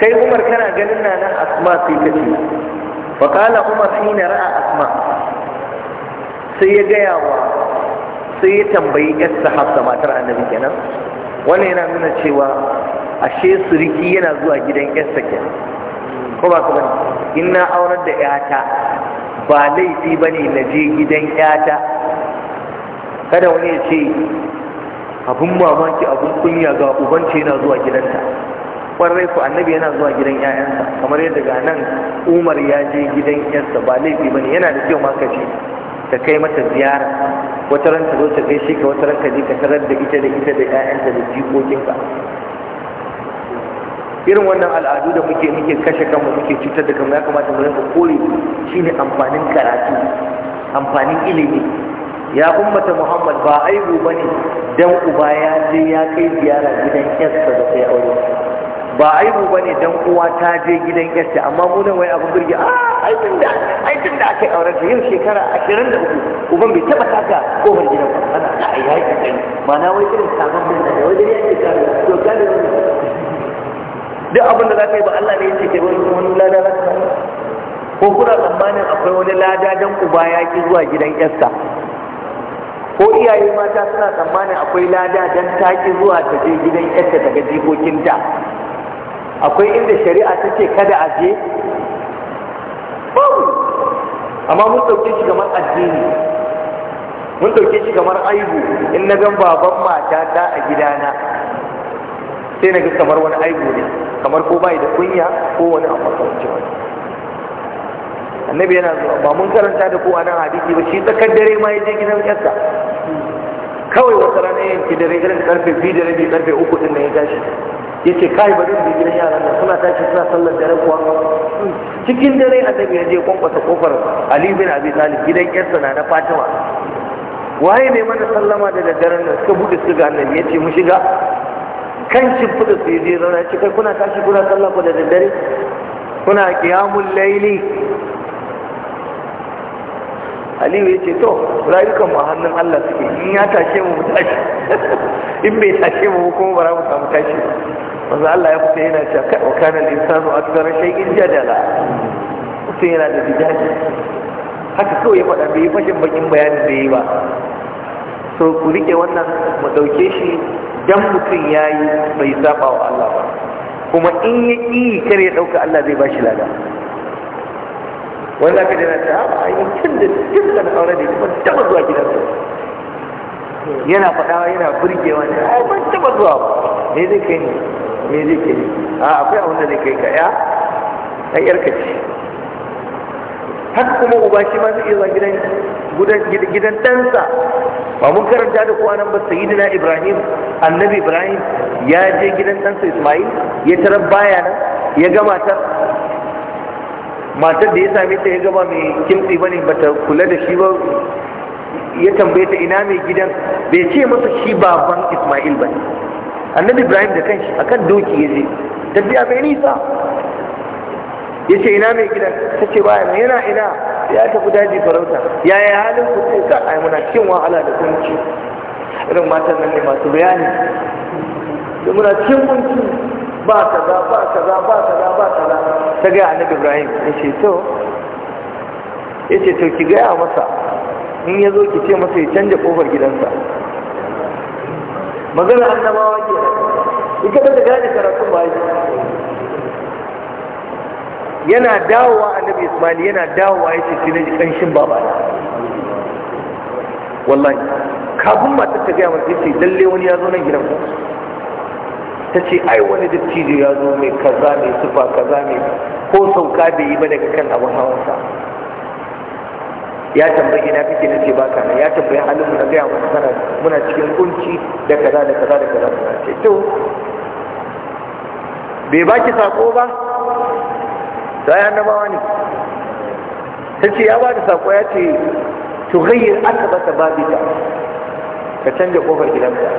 Speaker 1: kai umar kana ganin na na asma sai ka ce fa qala umar hina ra'a asma sai ya gaya wa sai ya tambayi yasta hafsa matar annabi kenan wannan yana nuna cewa ashe suriki yana zuwa gidan yasta kenan ko ba ka bane in na aurar da yata ba laifi bane na je gidan yata kada wani ya ce abun mamaki abun kunya ga ubanci yana zuwa gidanta kwarai ku annabi yana zuwa gidan 'ya'yansa kamar yadda ga nan umar ya je gidan 'yarsa ba laifi bane yana da kyau ma ka ce ta kai mata ziyara wata ran ta zo ta shi ka wata ran ka je ka tarar da ita da ita da ƴaƴanta da jikokinka irin wannan al'adu da muke muke kashe kanmu muke cutar da kanmu ya kamata mu rinka kore shine amfanin karatu amfanin ilimi ya ummata muhammad ba aibu bane dan uba ya je ya kai ziyara gidan yarsa da sai aure ba mu ba ne dan uwa ta je gidan yarta amma mu nan wai abin birgi a ah, aikin da aikin da aka aure ta yau shekara ashirin da uku uban bai taba taka kofar gidan ba ana da ai haƙi kai na wai irin sabon bin da wajen dai yake kare to kare duk abin da za ka yi ba Allah ne yake kai wani wani lada za ka ko kuna tsammanin akwai wani lada dan uba ya ki zuwa gidan yarsa ko iyaye mata suna tsammanin akwai lada dan ta ki zuwa ta je gidan yarta daga jikokinta akwai inda shari'a ta ce kada a je amma mun ɗauke shi kamar addini mun ɗauke shi kamar aibu in na gan baban matata a gidana sai na ga kamar wani aibu ne kamar ko bai da kunya ko wani a makamancin wani annabi yana zuwa ba mun karanta da kowa a nan hadisi ba shi tsakar dare ma ya je gidan yarsa kawai wata rana yanki dare irin karfe biyu da rabi karfe uku din na ya tashi ya ce kai bari da gidan yaran nan suna tashi suna sallar dare kuwa cikin dare annabi ya je kwankwasa kofar ali bin abi talib gidan yarsa na na fatima waye ne mana sallama da daddare nan suka buɗe su ga annabi ya ce mu shiga kan shimfiɗa su je zauna ya ce kai kuna tashi kuna sallah ku da daddare kuna qiyamul laili Aliyu ya ce to rayukan mu a hannun Allah suke in ya tashe mu mu tashi in bai tashe mu kuma ba za mu samu tashi ba wanzu Allah ya kusa yana cewa kai wa kana al-insanu akthara shay'in jadala mutum yana da bidaji haka kawai ya faɗa bai fashin bakin bayanin da yi ba so ku rike wannan mu ɗauke shi dan mutum ya yi bai saba wa Allah ba kuma in ya ƙi kar ya ɗauka Allah zai ba shi lada wanda ka jana ta a yi cin da dukkan aure da ban taɓa zuwa gidansa yana faɗawa yana burgewa ne ai ban taɓa zuwa ba ne zai kai ne me zai ke ne a akwai abin da zai kai ka ya ai yarka ce haka kuma uba shi ma zai iya zuwa gidan gidan ɗansa ba mun karanta da kuwa nan ba sayyidina ibrahim annabi ibrahim ya je gidan ɗansa ismail ya tarar baya nan ya ga matar matar da ya same ta ya gama mai kimtsi ba ta kula da shi ba ya tambaye ta ina mai gidan bai ce masa shi baban ismail ba ne. annabi ibrahim da kanshi akan doki ya je tafiya mai nisa ya ce ina mai gidan ta ce baya mai yana ina ya tafi daji farauta yaya halin ku ce ka yi muna cikin wahala da kunci irin matan nan ne masu bayani da muna cikin kunci ba kaza ba kaza ba kaza ba kaza ta gaya annabi ibrahim ya ce to ya ce to ki gaya masa in ya zo ki ce masa ya canja kofar gidansa maganar
Speaker 2: annabawa ke ita ba gane karatun ba
Speaker 1: yana dawowa annabi ismail yana dawowa ya ce cikin ƙanshin baba wallahi kafin mata ta gaya mata ce lalle wani ya zo nan gidan ku ta ce ai wani dattijo ya zo mai kaza mai sufa kaza mai ko sauka bai yi ba daga kan abin hawansa ya tambayi na kake na baka na ya tambayi halin mu na gaya masa kana muna cikin kunci da kaza da kaza da kaza ce to bai baki sako ba sai annabawa ne ta ce ya bada sako ya ce to gayyar aka bata babi ka canja kofar gidanka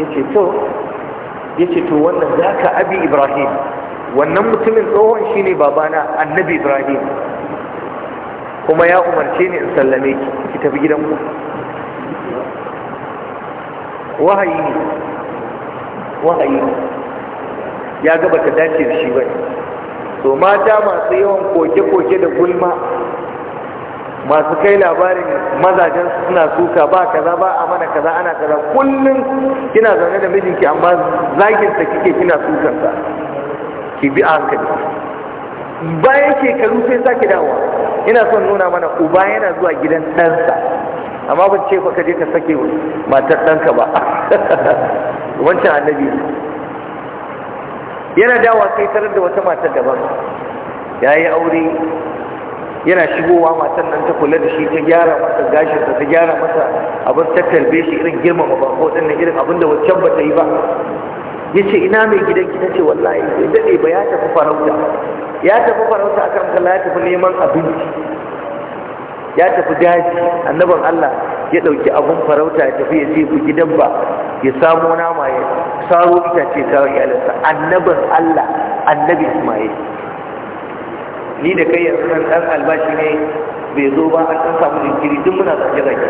Speaker 1: Yace ce to ya ce to wannan zaka abi ibrahim wannan mutumin tsohon shine babana annabi ibrahim kuma ya umarce ni in sallame ki ki tafi gidanku wahayi ne wahayi ya gaba ta dace da shi bane to mata masu yawan koke-koke da gulma masu kai labarin mazajen suna suka ba kaza ba a mana kaza ana kaza kullum kina zaune da mijinki amma zaginsa kike kina sukansa ki bi a hankali bayan shekaru sai sake dawowa ina son nuna mana uba yana zuwa gidan ɗansa amma ban ce ka je ka sake matar ɗanka ba wancan annabi yana dawa sai tarar da wata matar daban ya yi aure yana shigowa matar nan ta kula da shi ta gyara masa gashinsa ta gyara masa abin ta shi irin girmama bako dan nan irin abin da wancan ba ta yi ba yace ina mai gidan ki ta ce wallahi bai daɗe ba ya tafi farauta ya tafi farauta a kan kala ya tafi neman abinci ya tafi daji annaban Allah ya ɗauki abin farauta ya tafi ya jefi gidan ba ya samo nama ya saro itace kawo iyalinsa annaban Allah annabi Ismail ni da kai yanzu nan ɗan albashi ne bai zo ba an ɗan samu jinkiri duk muna zage zage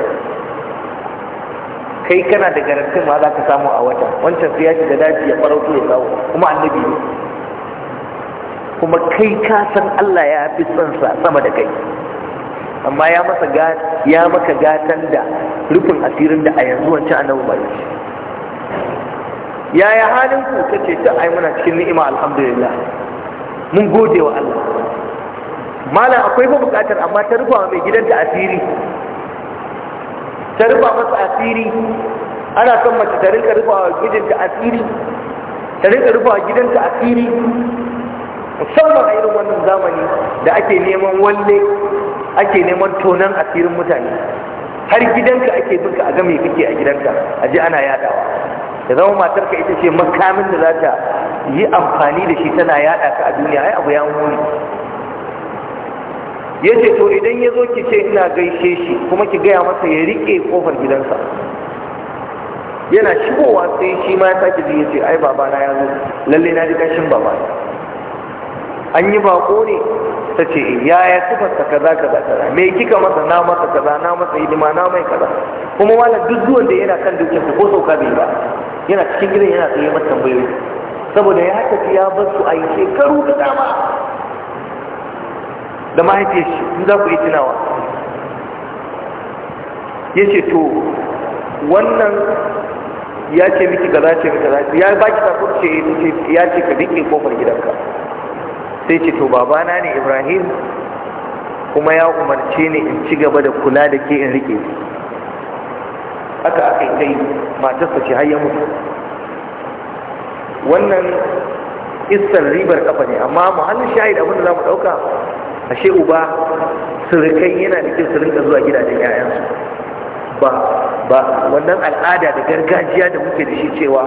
Speaker 1: kai kana da garantin ma za ka samu a wata wancan sai ya shiga daji ya farauto ya kawo kuma annabi ne kuma kai ka san Allah ya fi son sa sama da kai amma ya masa ya maka gatan da rufin asirin da a yanzu wancan annabi ba yaya halin ku kace ta ai muna cikin ni'ima alhamdulillah mun gode wa Allah malam akwai ba bukatar amma ta rufa mai gidanta asiri ta rufa masa asiri ana son mace ta rinka rufa wa ta asiri ta rinka rufa wa ta asiri musamman a irin wannan zamani da ake neman wanne ake neman tonan asirin mutane har gidanka ake binka a game kake a gidanka a ji ana yadawa da zama matarka ita ce makamin da za ta yi amfani da shi tana yada ka a duniya ai abu ya muni ya ce to idan ya zo ki ce ina gaishe shi kuma ki gaya masa ya rike kofar gidansa yana shigowa sai shi ma ya sake ji ya ce ai babana ya zo lalle na ji kashin babana an yi bako ne ta ce ya yaya ta kaza kaza kaza me kika masa na masa kaza na masa hidima na mai kaza kuma wala duk zuwan da yana kan dukinsa ko sauka bai ba yana cikin gidan yana tsaye masa tambayoyi saboda ya tafi ya bar su a yi shekaru da dama
Speaker 2: da mahaifiyar shi za ku yi
Speaker 1: tunawa ya ce to wannan ya ce miki gaza ce miki gaza ya baki ta ce ya ce ka rike kofar gidanka sai ce to babana ne ibrahim kuma ya umarce ni in ci gaba da kula da ke in rike haka aka kai matarsa ce har ya mutu wannan istar ribar kafa ne amma muhallin shahid abinda za mu ɗauka ashe uba surukai yana da kyau su rinka zuwa gidajen 'ya'yansu ba ba wannan al'ada da gargajiya da muke da shi cewa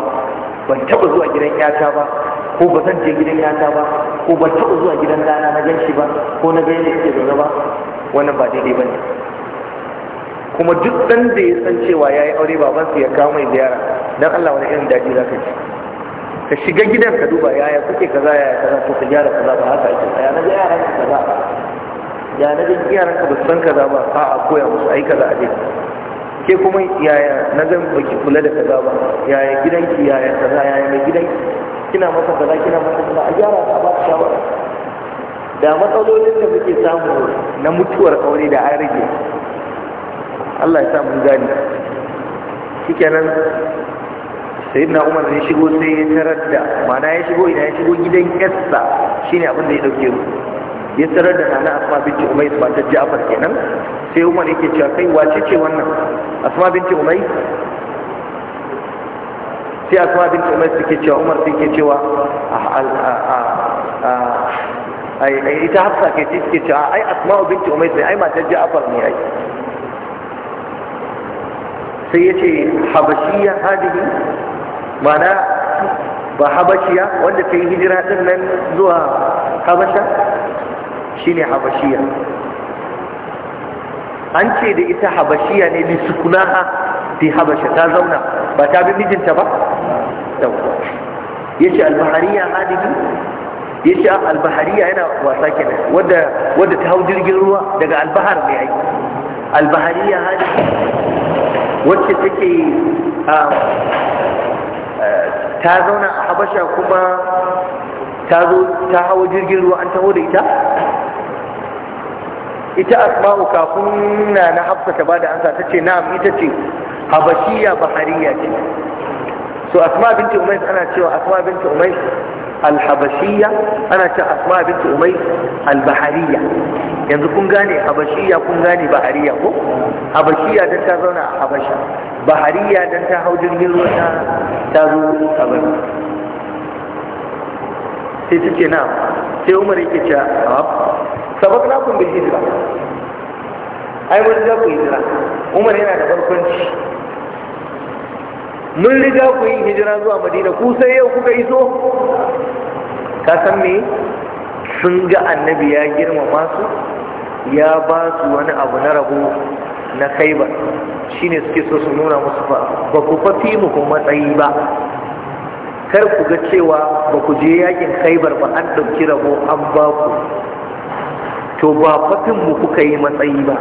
Speaker 1: ban taɓa zuwa gidan 'yata ba ko ba zan je gidan yata ba ko ban taɓa zuwa gidan dana na gan shi ba ko na gani da ke zaune ba wannan ba daidai ba ne kuma duk ɗan da ya san cewa ya yi aure babansa ya kawo mai ziyara don Allah wani irin daji za ka ci ka shiga gidan ka duba yaya kuke kaza yaya kaza to ka gyara kaza ba haka ake ya na ga yaran ka kaza ya na ga yaran ka ba su san kaza ba a a koya musu ai kaza a je ke kuma yaya na ga baki kula da kaza ba yaya gidanki yaya kaza yaya mai gidanki kina masa kaza kina masa kaza a gyara ta ba shawara da matsalolin da muke samu na mutuwar aure da an rage Allah ya sa mun gani shikenan sayyidina Umar ne shigo sai ya tarar da mana ya shigo ina ya shigo gidan Kessa shine abin da ya dauke mu ya tarar da nana Asma binti Umayyah ba ta Ja'far kenan sai Umar yake cewa kai wace ce wannan Asma binti Umayyah sai akwai asma bin umar suke cewa umar suke cewa ah, ah, ah, ai ita hafsa ke ce suke cewa ai asma bin umar sai ai matar ja'far ne ai sai ya ce habashiya hadihi mana ba habashiya wanda ta yi hijira din nan zuwa habasha shine habashiya an ce da ita habashiya ne bi sukunaha fi habasha ta zauna ba ta bi mijinta ba yace al-bahariya hadidi yace ah, al-bahariya yana wasa kenan wadda wadda ta hau jirgin ruwa daga al-bahar ne ai al-bahariya hadidi wacce take ah, eh, ta zauna a habasha kuma ta zo ta hawa jirgin ruwa an taho da ita ita asma'u kafin na na hafsa ta bada ansa ce na'am ita ce habashiya bahariya ce سو أسماء بنت أميس أنا أتشوى أسماء بنت أميس الحبشية أنا أتشوى أسماء بنت أميس البحرية ينظر يعني كن قاني حبشية كن قاني بحرية حبشية دنتا زونا حبشة بحرية دنتا حوجل ملونا تازو أبنى سيتكي نام سي عمر يكيشا آه. سبقنا كن بالهجرة أي مرزاكو هجرة عمر هنا دفر كنش mun riga ku yi hijira zuwa madina ku sai yau kuka iso ka san me sun ga annabi ya girmama su ya ba su wani abu na rabo na Shi ne suke so su nuna musu fa ba ku fafi mu kuma matsayi ba kar ku ga cewa ba ku je yakin kaibar ba an ɗauki rabo an ba ku to ba fafin mu kuka yi matsayi ba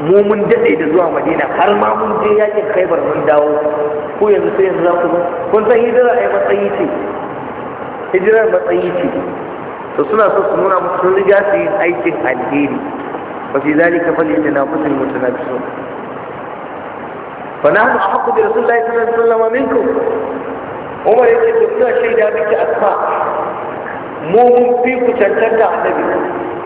Speaker 1: mu mun daɗe da zuwa madina har ma mun je yakin kaibar mun dawo ko yanzu sai yanzu za ku zo kun san hijira ai matsayi ce hijirar matsayi ce to suna so su nuna musu sun riga su yi aikin alheri ba fi zalika fal yatanafasu almutanafisun fa nahnu ahqqu bi rasulillahi sallallahu alaihi wasallam minkum umar yake da kuna shaida miki asma mu mun fi ku cancanta annabi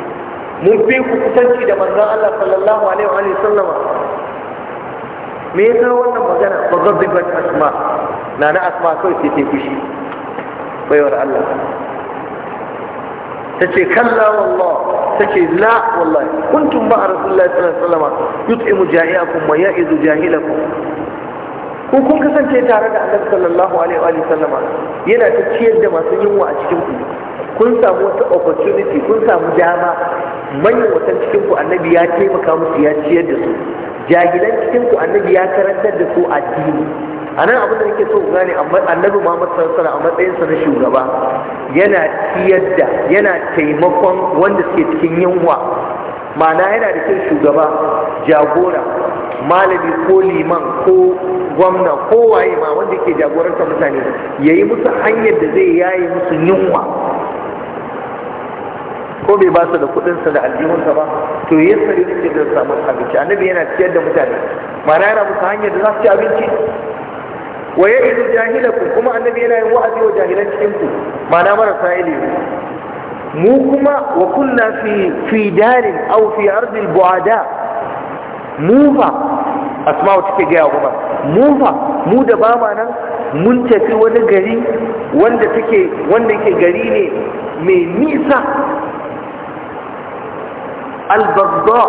Speaker 1: mun fi kusanci da manzon Allah sallallahu alaihi wa sallama me yasa wannan magana ba zabbibat asma na na asma kawai sai ta fushi baiwar Allah tace kalla wallah tace la wallahi kuntum ba rasulullahi sallallahu alaihi wa sallama yut'imu jahilakum wa ya'izu jahilakum ko kun kasance tare da Allah sallallahu alaihi wa sallama yana ta ciyar da masu yunwa a cikin ku kun samu wata opportunity kun samu dama manyan cikin ku annabi ya taimaka musu ya ciyar da su jahilan cikin ku annabi ya karantar da su addini a nan abin da nake so ku gane annabi Muhammad sallallahu a matsayinsa na shugaba yana ciyar da yana taimakon wanda suke cikin yunwa ma'ana yana da kyau shugaba jagora malami ko liman ko gwamna ko waye ma wanda ke jagorantar mutane ya yi musu hanyar da zai yaye musu yunwa ko bai ba su da kuɗinsa da aljihunsa ba to yasa yau suke da samun abinci annabi yana ciyar da mutane mara yana musu hanyar da za su ci abinci wa ya izu jahilaku kuma annabi yana yin wa'azi wa jahilan cikin ku mana marasa ilimi mu kuma wa kunna fi fi darin aw fi ardil buada mu fa asma'u take gaya kuma mu fa mu da ba ma nan mun tafi wani gari wanda take wanda yake gari ne mai nisa albabba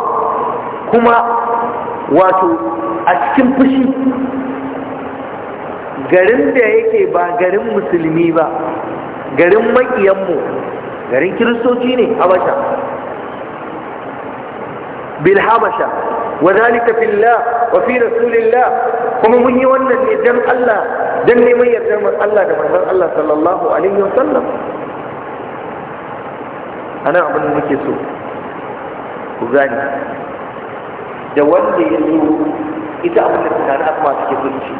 Speaker 1: kuma wato a cikin fushi garin da yake ba garin musulmi ba garin makiyanmu garin kiristoci ne habasha bil habasha wa zalika fillah wa fi rasulillah kuma mun yi wannan ne dan Allah dan neman yardar Allah da manzon Allah sallallahu alaihi wasallam ana abin da muke so ku gani da wanda ya zo ita abin da tare a kuma suke zulci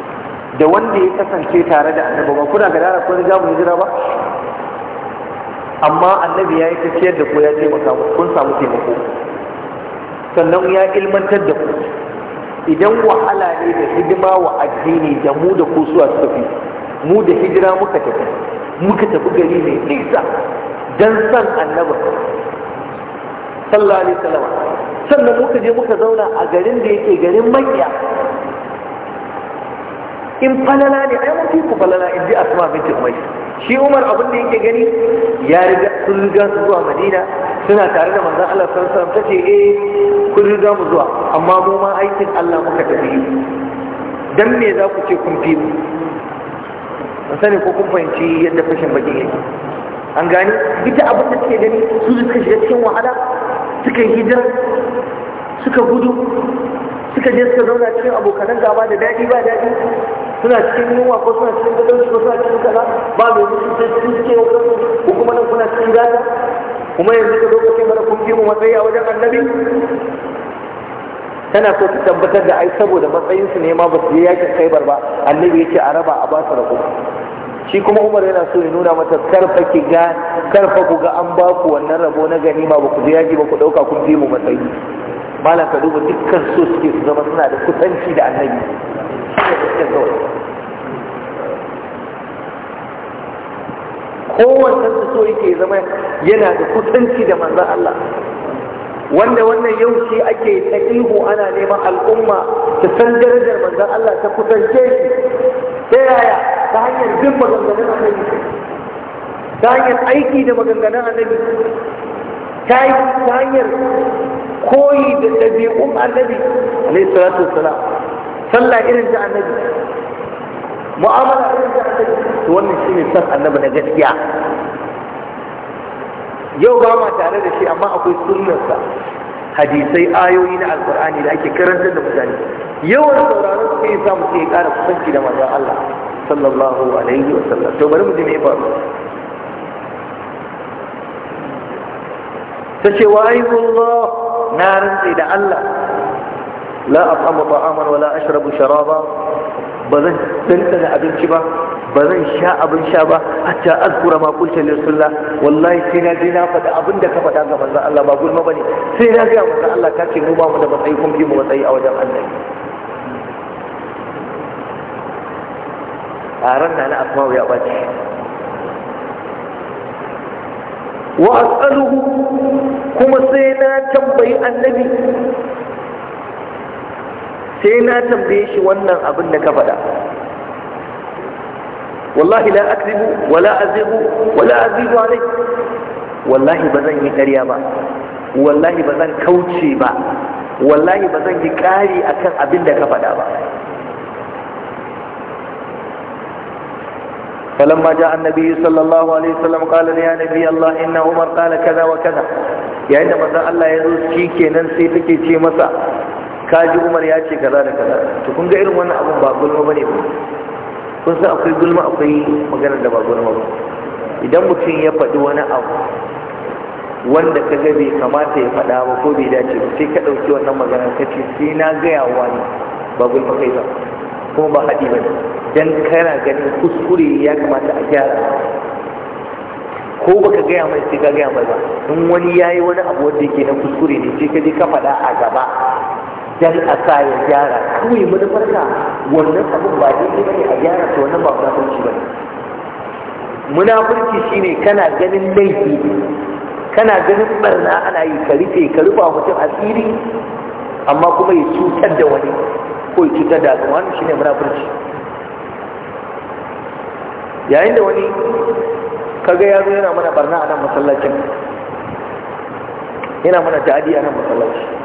Speaker 1: da wanda ya kasance tare da annabi ba kuna ga dara kun ga mu hijira ba amma annabi ya yi tafiyar da ku ya taimaka kun samu taimako sannan ya ilmantar da ku idan wahala ne da hidima wa addini da mu da ku suwa tafi mu da hijira muka tafi muka tafi gari mai nisa dan san annabi sallallahu alaihi wasallam sannan muka je muka zauna a garin da yake garin makiya in falala ne ai mafi ku falala in ji asma binti umar shi umar abin da yake gani ya riga sun riga su zuwa madina suna tare da manzon Allah sallallahu alaihi wasallam tace eh kun riga mu zuwa amma mu ma aikin Allah muka tafi dan me za ku ce kun fi mu sani ko kun fahimci yadda fashin baki yake an gani? duk abin da suke gani su suka shiga cikin wahala suka yi hijira suka gudu suka je suka zauna cikin abokanan gaba da daɗi ba daɗi suna cikin yunwa ko suna cikin gudun ko suna cikin kaza ba mai musu sai su suke yau ko kuma nan kuna cikin gata kuma yanzu ka zo kake mana kun fi mu matsayi a wajen annabi tana so ta tabbatar da ai saboda matsayinsu ne ma ba su yi yakin kaibar ba annabi ya ce a raba a ba su rako shi kuma umar yana so ya nuna mata karfa ki ga karfa ku ga an baku, wannan rabo na ganima ba ku je yaji ba ku dauka kun fi mu matsayi malam ka duba dukkan so suke su zama suna da kusanci da annabi kowannen su so yake zama yana da kusanci da manzon Allah wanda wannan yau shi ake ta ihu ana neman al'umma ta san darajar manzon Allah ta kusance shi ta yaya ta hanyar bin maganganun annabi ta hanyar aiki da maganganun annabi ta hanyar koyi da ɗabi'un annabi alaihi salatu wassalam sallah irin ta annabi mu'amala irin ta annabi to wannan shine san annabi na gaskiya yau ba ma tare da shi amma akwai sunnarsa hadisai ayoyi na alkur'ani da ake karantar da mutane yawan sauraron su kai samu sai ƙara kusanci da manzon Allah sallallahu alaihi wa sallam to bari mu ji me faru tace wa ayyullah na rantsi da Allah la at'amu ta'aman wa la ashrabu sharaba ba zan ɗanɗana abinci ba ba zan sha abin sha ba hatta azkura ma qulta li rasulullah wallahi sai na je na faɗa abin da ka faɗa ga manzon Allah ba gulma bane sai na ga manzon Allah ka ce mu ba mu da matsayi kun fi mu matsayi a wajen Allah a ran na asma'u ya bace wa as'aluhu kuma sai na tambayi annabi sai na tambaye shi wannan abin da ka faɗa wallahi la akzibu wala azibu wala azibu alai wallahi ba zan yi ƙarya ba wallahi ba zan kauce ba wallahi ba zan yi ƙari akan abin da ka faɗa ba فلما جاء النبي صلى الله عليه وسلم قال يا نبي الله إن عمر قال كذا وكذا يعني مثلا الله يزوج كي كي ننسي تكي تي مسا kaji umar ya ce kaza da kaza to kun ga irin wannan abun ba gulma bane ba kun san akwai gulma akwai magana da ba gulma ba idan mutum ya faɗi wani abu wanda ka ga bai kamata ya faɗa ba ko bai dace ba sai ka ɗauki wannan magana ka ce sai na gaya wa ne ba gulma kai ba kuma ba haɗi ba dan kana ganin kuskure ya kamata a gyara ko baka gaya mai sai ka gaya mai ba in wani yayi wani abu wanda yake na kuskure ne sai ka je ka faɗa a gaba dan a sa ya gyara kawai farka wannan abin ba ne bane a gyara to wannan ba munafurci bane munafurci shine kana ganin laifi kana ganin barna ana yi ka rufe ka rufa mutum asiri amma kuma ya cutar da wani ko ya cutar da al'umma wannan shine munafurci yayin da wani kaga yaro yana mana barna a nan masallacin yana mana ta'adi a nan masallacin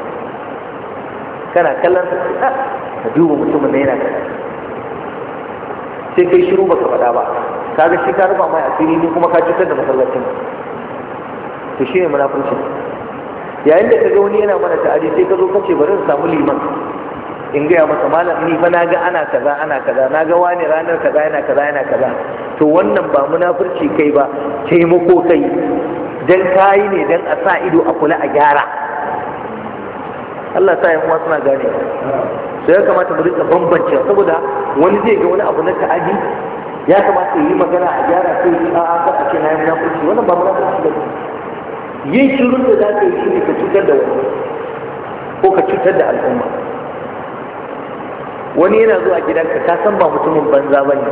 Speaker 1: kana kallon sa ka ah, duba mutumin da yana kaza sai kai shiru baka faɗa ba ga shi ka rufa mai asiri ne kuma ka cutar da masallacin to shine munafurcin yayin da ka ga wani yana mana ta'adi sai ka zo ka ce bari in samu liman in gaya masa malam ni fa naga ana kaza ana kaza naga wani ranar kaza yana kaza yana kaza to wannan ba munafurci kai ba taimako kai dan kayi ne dan a sa ido a kula a gyara Allah sa yan uwa suna gane to ya kamata mu rika bambance saboda wani zai ga wani abu na ta'adi ya kamata yi magana a gyara sai yi a'a ka a ce na yi munafurci wannan ba da ba yin shirin da za ka yi shi ne ka cutar da wani ko ka cutar da al'umma wani yana zuwa gidanka ka san ba mutumin banza ba ne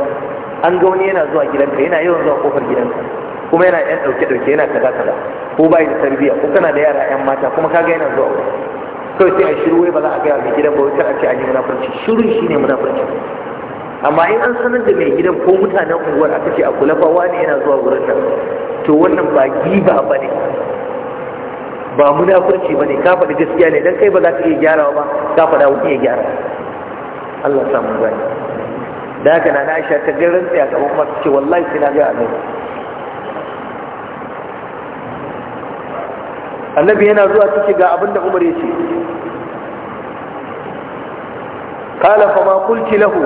Speaker 1: an ga wani yana zuwa gidanka yana yawan zuwa kofar gidanka kuma yana yan ɗauke-ɗauke yana kaza kaza ko bai da tarbiyya ko kana da yara yan mata kuma kaga yana zuwa wani kawai sai a shiru wai ba za a gaya mai gidan ba wata a ce a yi munafurci shirin shi ne munafurci amma in an sanar da mai gidan ko mutanen unguwar aka ce a kula ba wani yana zuwa wurin nan to wannan ba giba ba ne ba munafurci ba ne ka faɗi gaskiya ne don kai ba za ka iya gyarawa ba ka faɗa wani iya gyara Allah samu gani da haka na na aisha ta garin ya a kuma ta ce wallahi sai na ga annabi annabi yana zuwa take ga abinda umar yace kala fa ma kulti lahu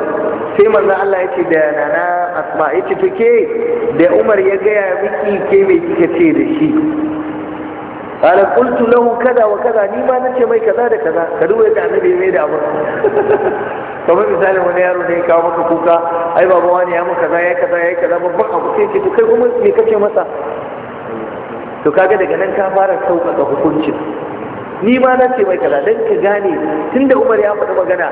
Speaker 1: sai manzo Allah ce da nana asma ce to ke da umar ya ga ya miki ke me kika ce da shi قال lahu kada wa kada ni ma nace mai kaza da kaza ka duba yadda annabi mai da abu kamar misalin wani yaro ne ya kawo maka kuka ai baba wani ya maka kaza ya kaza ya kaza babban abu sai ce to kai kuma me kace masa to kaga daga nan ka fara sauƙaƙa hukuncin ni ma na ce mai kaza dan ka gane tunda Umar ya faɗi magana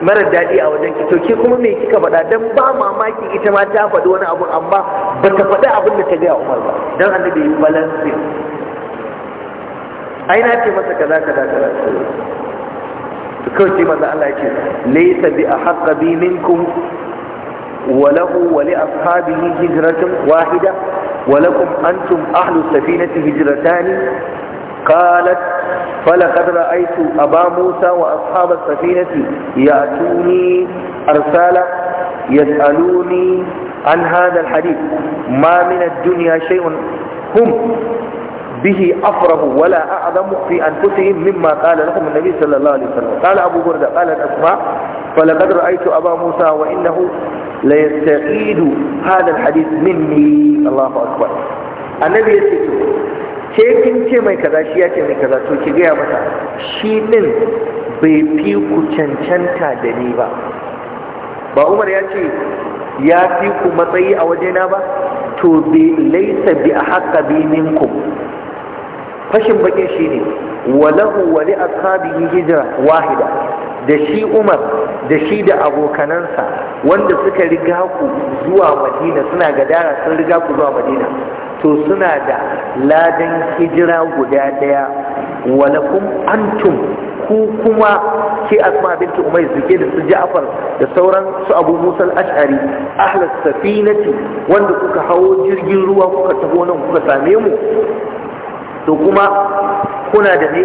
Speaker 1: marar daɗi a wajen ki to ke kuma me kika faɗa dan ba mamaki ita ma ta faɗi wani abu amma ba ta faɗi abin da ta gaya Umar ba dan annabi yi balance ai na ce masa kaza kaza kaza to kawai ce masa Allah ya ce laysa bi ahqqa bi minkum وله ولأصحابه هجرة واحدة ولكم أنتم أهل السفينة هجرتان قالت فلقد رأيت أبا موسى وأصحاب السفينة يأتوني أرسالا يسألوني عن هذا الحديث ما من الدنيا شيء هم به أفره ولا أعظم في أنفسهم مما قال لهم النبي صلى الله عليه وسلم قال أبو بردة قالت أسماء فلقد رأيت أبا موسى وإنه la yastaqidu hadis min ne Allahu akbar annabi ya ce to ke kin ce mai kaza shi ya ce mai kaza to ki gaya masa shi din bai fi ku cancanta da ni ba ba Umar ya ce ya fi ku matsayi a wajena ba to bi laysa bi ahqqa bi minkum fashin bakin shi ne walahu wa li ashabihi hijra wahida da shi umar da shi da abokanansa wanda suka riga ku zuwa madina suna gadara sun riga ku zuwa madina to suna da ladan hijira guda daya walakum antum ku kuma ke asma binti umayr suke da su ja'far da sauran su abu musa ashari ahlas safinati wanda kuka hawo jirgin ruwa kuka taho nan kuka same mu to kuma kuna da ne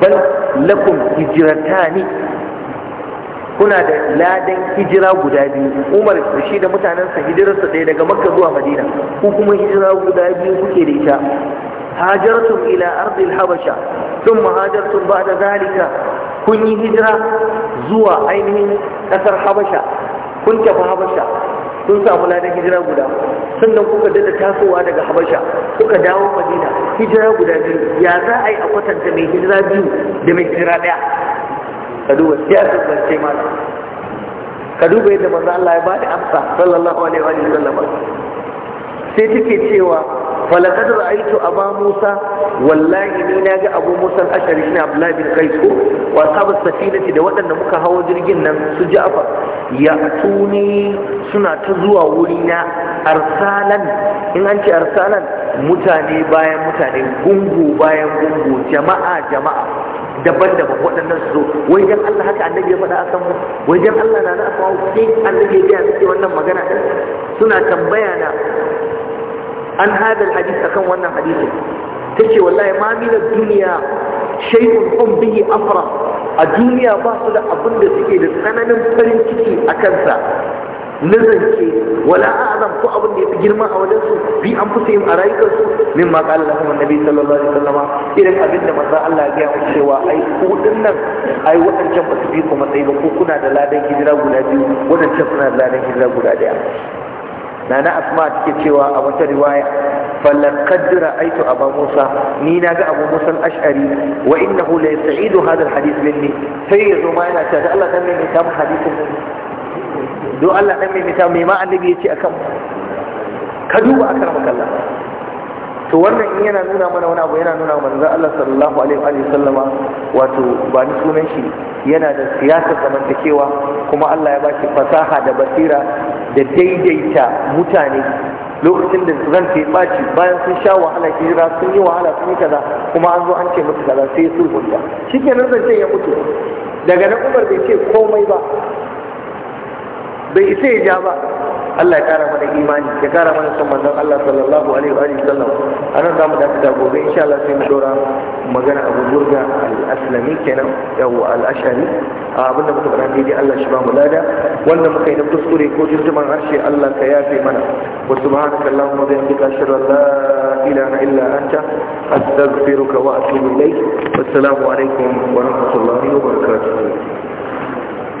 Speaker 1: bal lakum hijratani kuna da ladan hijira guda biyu umar shi da mutanensa hijirarsa ɗaya daga makka zuwa madina ku kuma hijira guda biyu kuke da ita hajartum ila ardil habasha thumma hajartum ba'da zalika kun yi hijira zuwa ainihin ƙasar habasha kun tafi habasha sun samu ladan hijira guda sannan kuka dada tasowa daga habasha kuka dawo madina hijira guda biyu ya za a yi a kwatanta mai hijira biyu da mai hijira ɗaya ka duba siyasar zance mana ka duba yadda manzo Allah ya bada amsa sallallahu alaihi wa sallam sai take cewa falaqad ra'aytu aba musa wallahi ni na ga abu musa al-ashari shine abdullahi bin qais ko wa ashab safinati da waɗanda muka hawo jirgin nan su jafa. ya tuni suna ta zuwa wuri na arsalan in an ce arsalan mutane bayan mutane gungu bayan gungu jama'a jama'a daban-daban waɗannan su zo wai dan Allah haka annabi ya faɗa a kanmu mu wai dan Allah na na asma sai annabi ya gaya suke wannan magana din suna tambaya na an hada hadisi akan wannan hadisi ce wallahi ma min duniya shay'un hum bihi afra a duniya ba su da abin da suke da tsananin farin ciki a kansa zance wala azam ko abin da ya fi girma a wajen su bi an fi yin a rayukan su min ma qala kuma nabi sallallahu alaihi wasallama irin abin da manzo Allah ya gaya cewa ai ku nan!" ai wadancan ba su bi ku matsayi ba ko kuna da ladan hijira guda biyu wadancan suna da ladan hijira guda daya nana asma take cewa a wata riwaya Aitu Musa, ni na فلقد رأيت أبا موسى نينا أبو موسى الأشعري وإنه ليستعيد هذا الحديث yana فيز ما أنا الله تمني تم حديث مني don Allah ɗan mai fita mai ma ya ce a kan ka duba a kan makalla to wannan in yana nuna mana wani abu yana nuna manzan Allah sallallahu alaihi wa sallama wato ba ni sunan shi yana da siyasar zamantakewa kuma Allah ya baki fasaha da basira da daidaita mutane lokacin da zan ta ɓaci bayan sun sha wahala jira sun yi wahala sun yi kaza kuma an zo an ce musu kaza sai sulhunta nan zan ce ya mutu daga nan Umar bai ce komai ba bai isa ya ja ba Allah ya kara mana imani ya kara mana son manzon Allah sallallahu alaihi wa alihi sallam anan zamu dace da gobe insha Allah sai mu dora magana Abu Burga al-Aslami kenan yawa al-Ashari abinda muka faɗa daidai Allah shi ba mu lada wanda muka yi na kuskure ko tuntuban harshe Allah ka yafe mana wa subhanaka allahumma wa bihamdika ashhadu an la ilaha illa anta astaghfiruka
Speaker 2: wa atubu ilayk wassalamu alaikum wa rahmatullahi wa barakatuh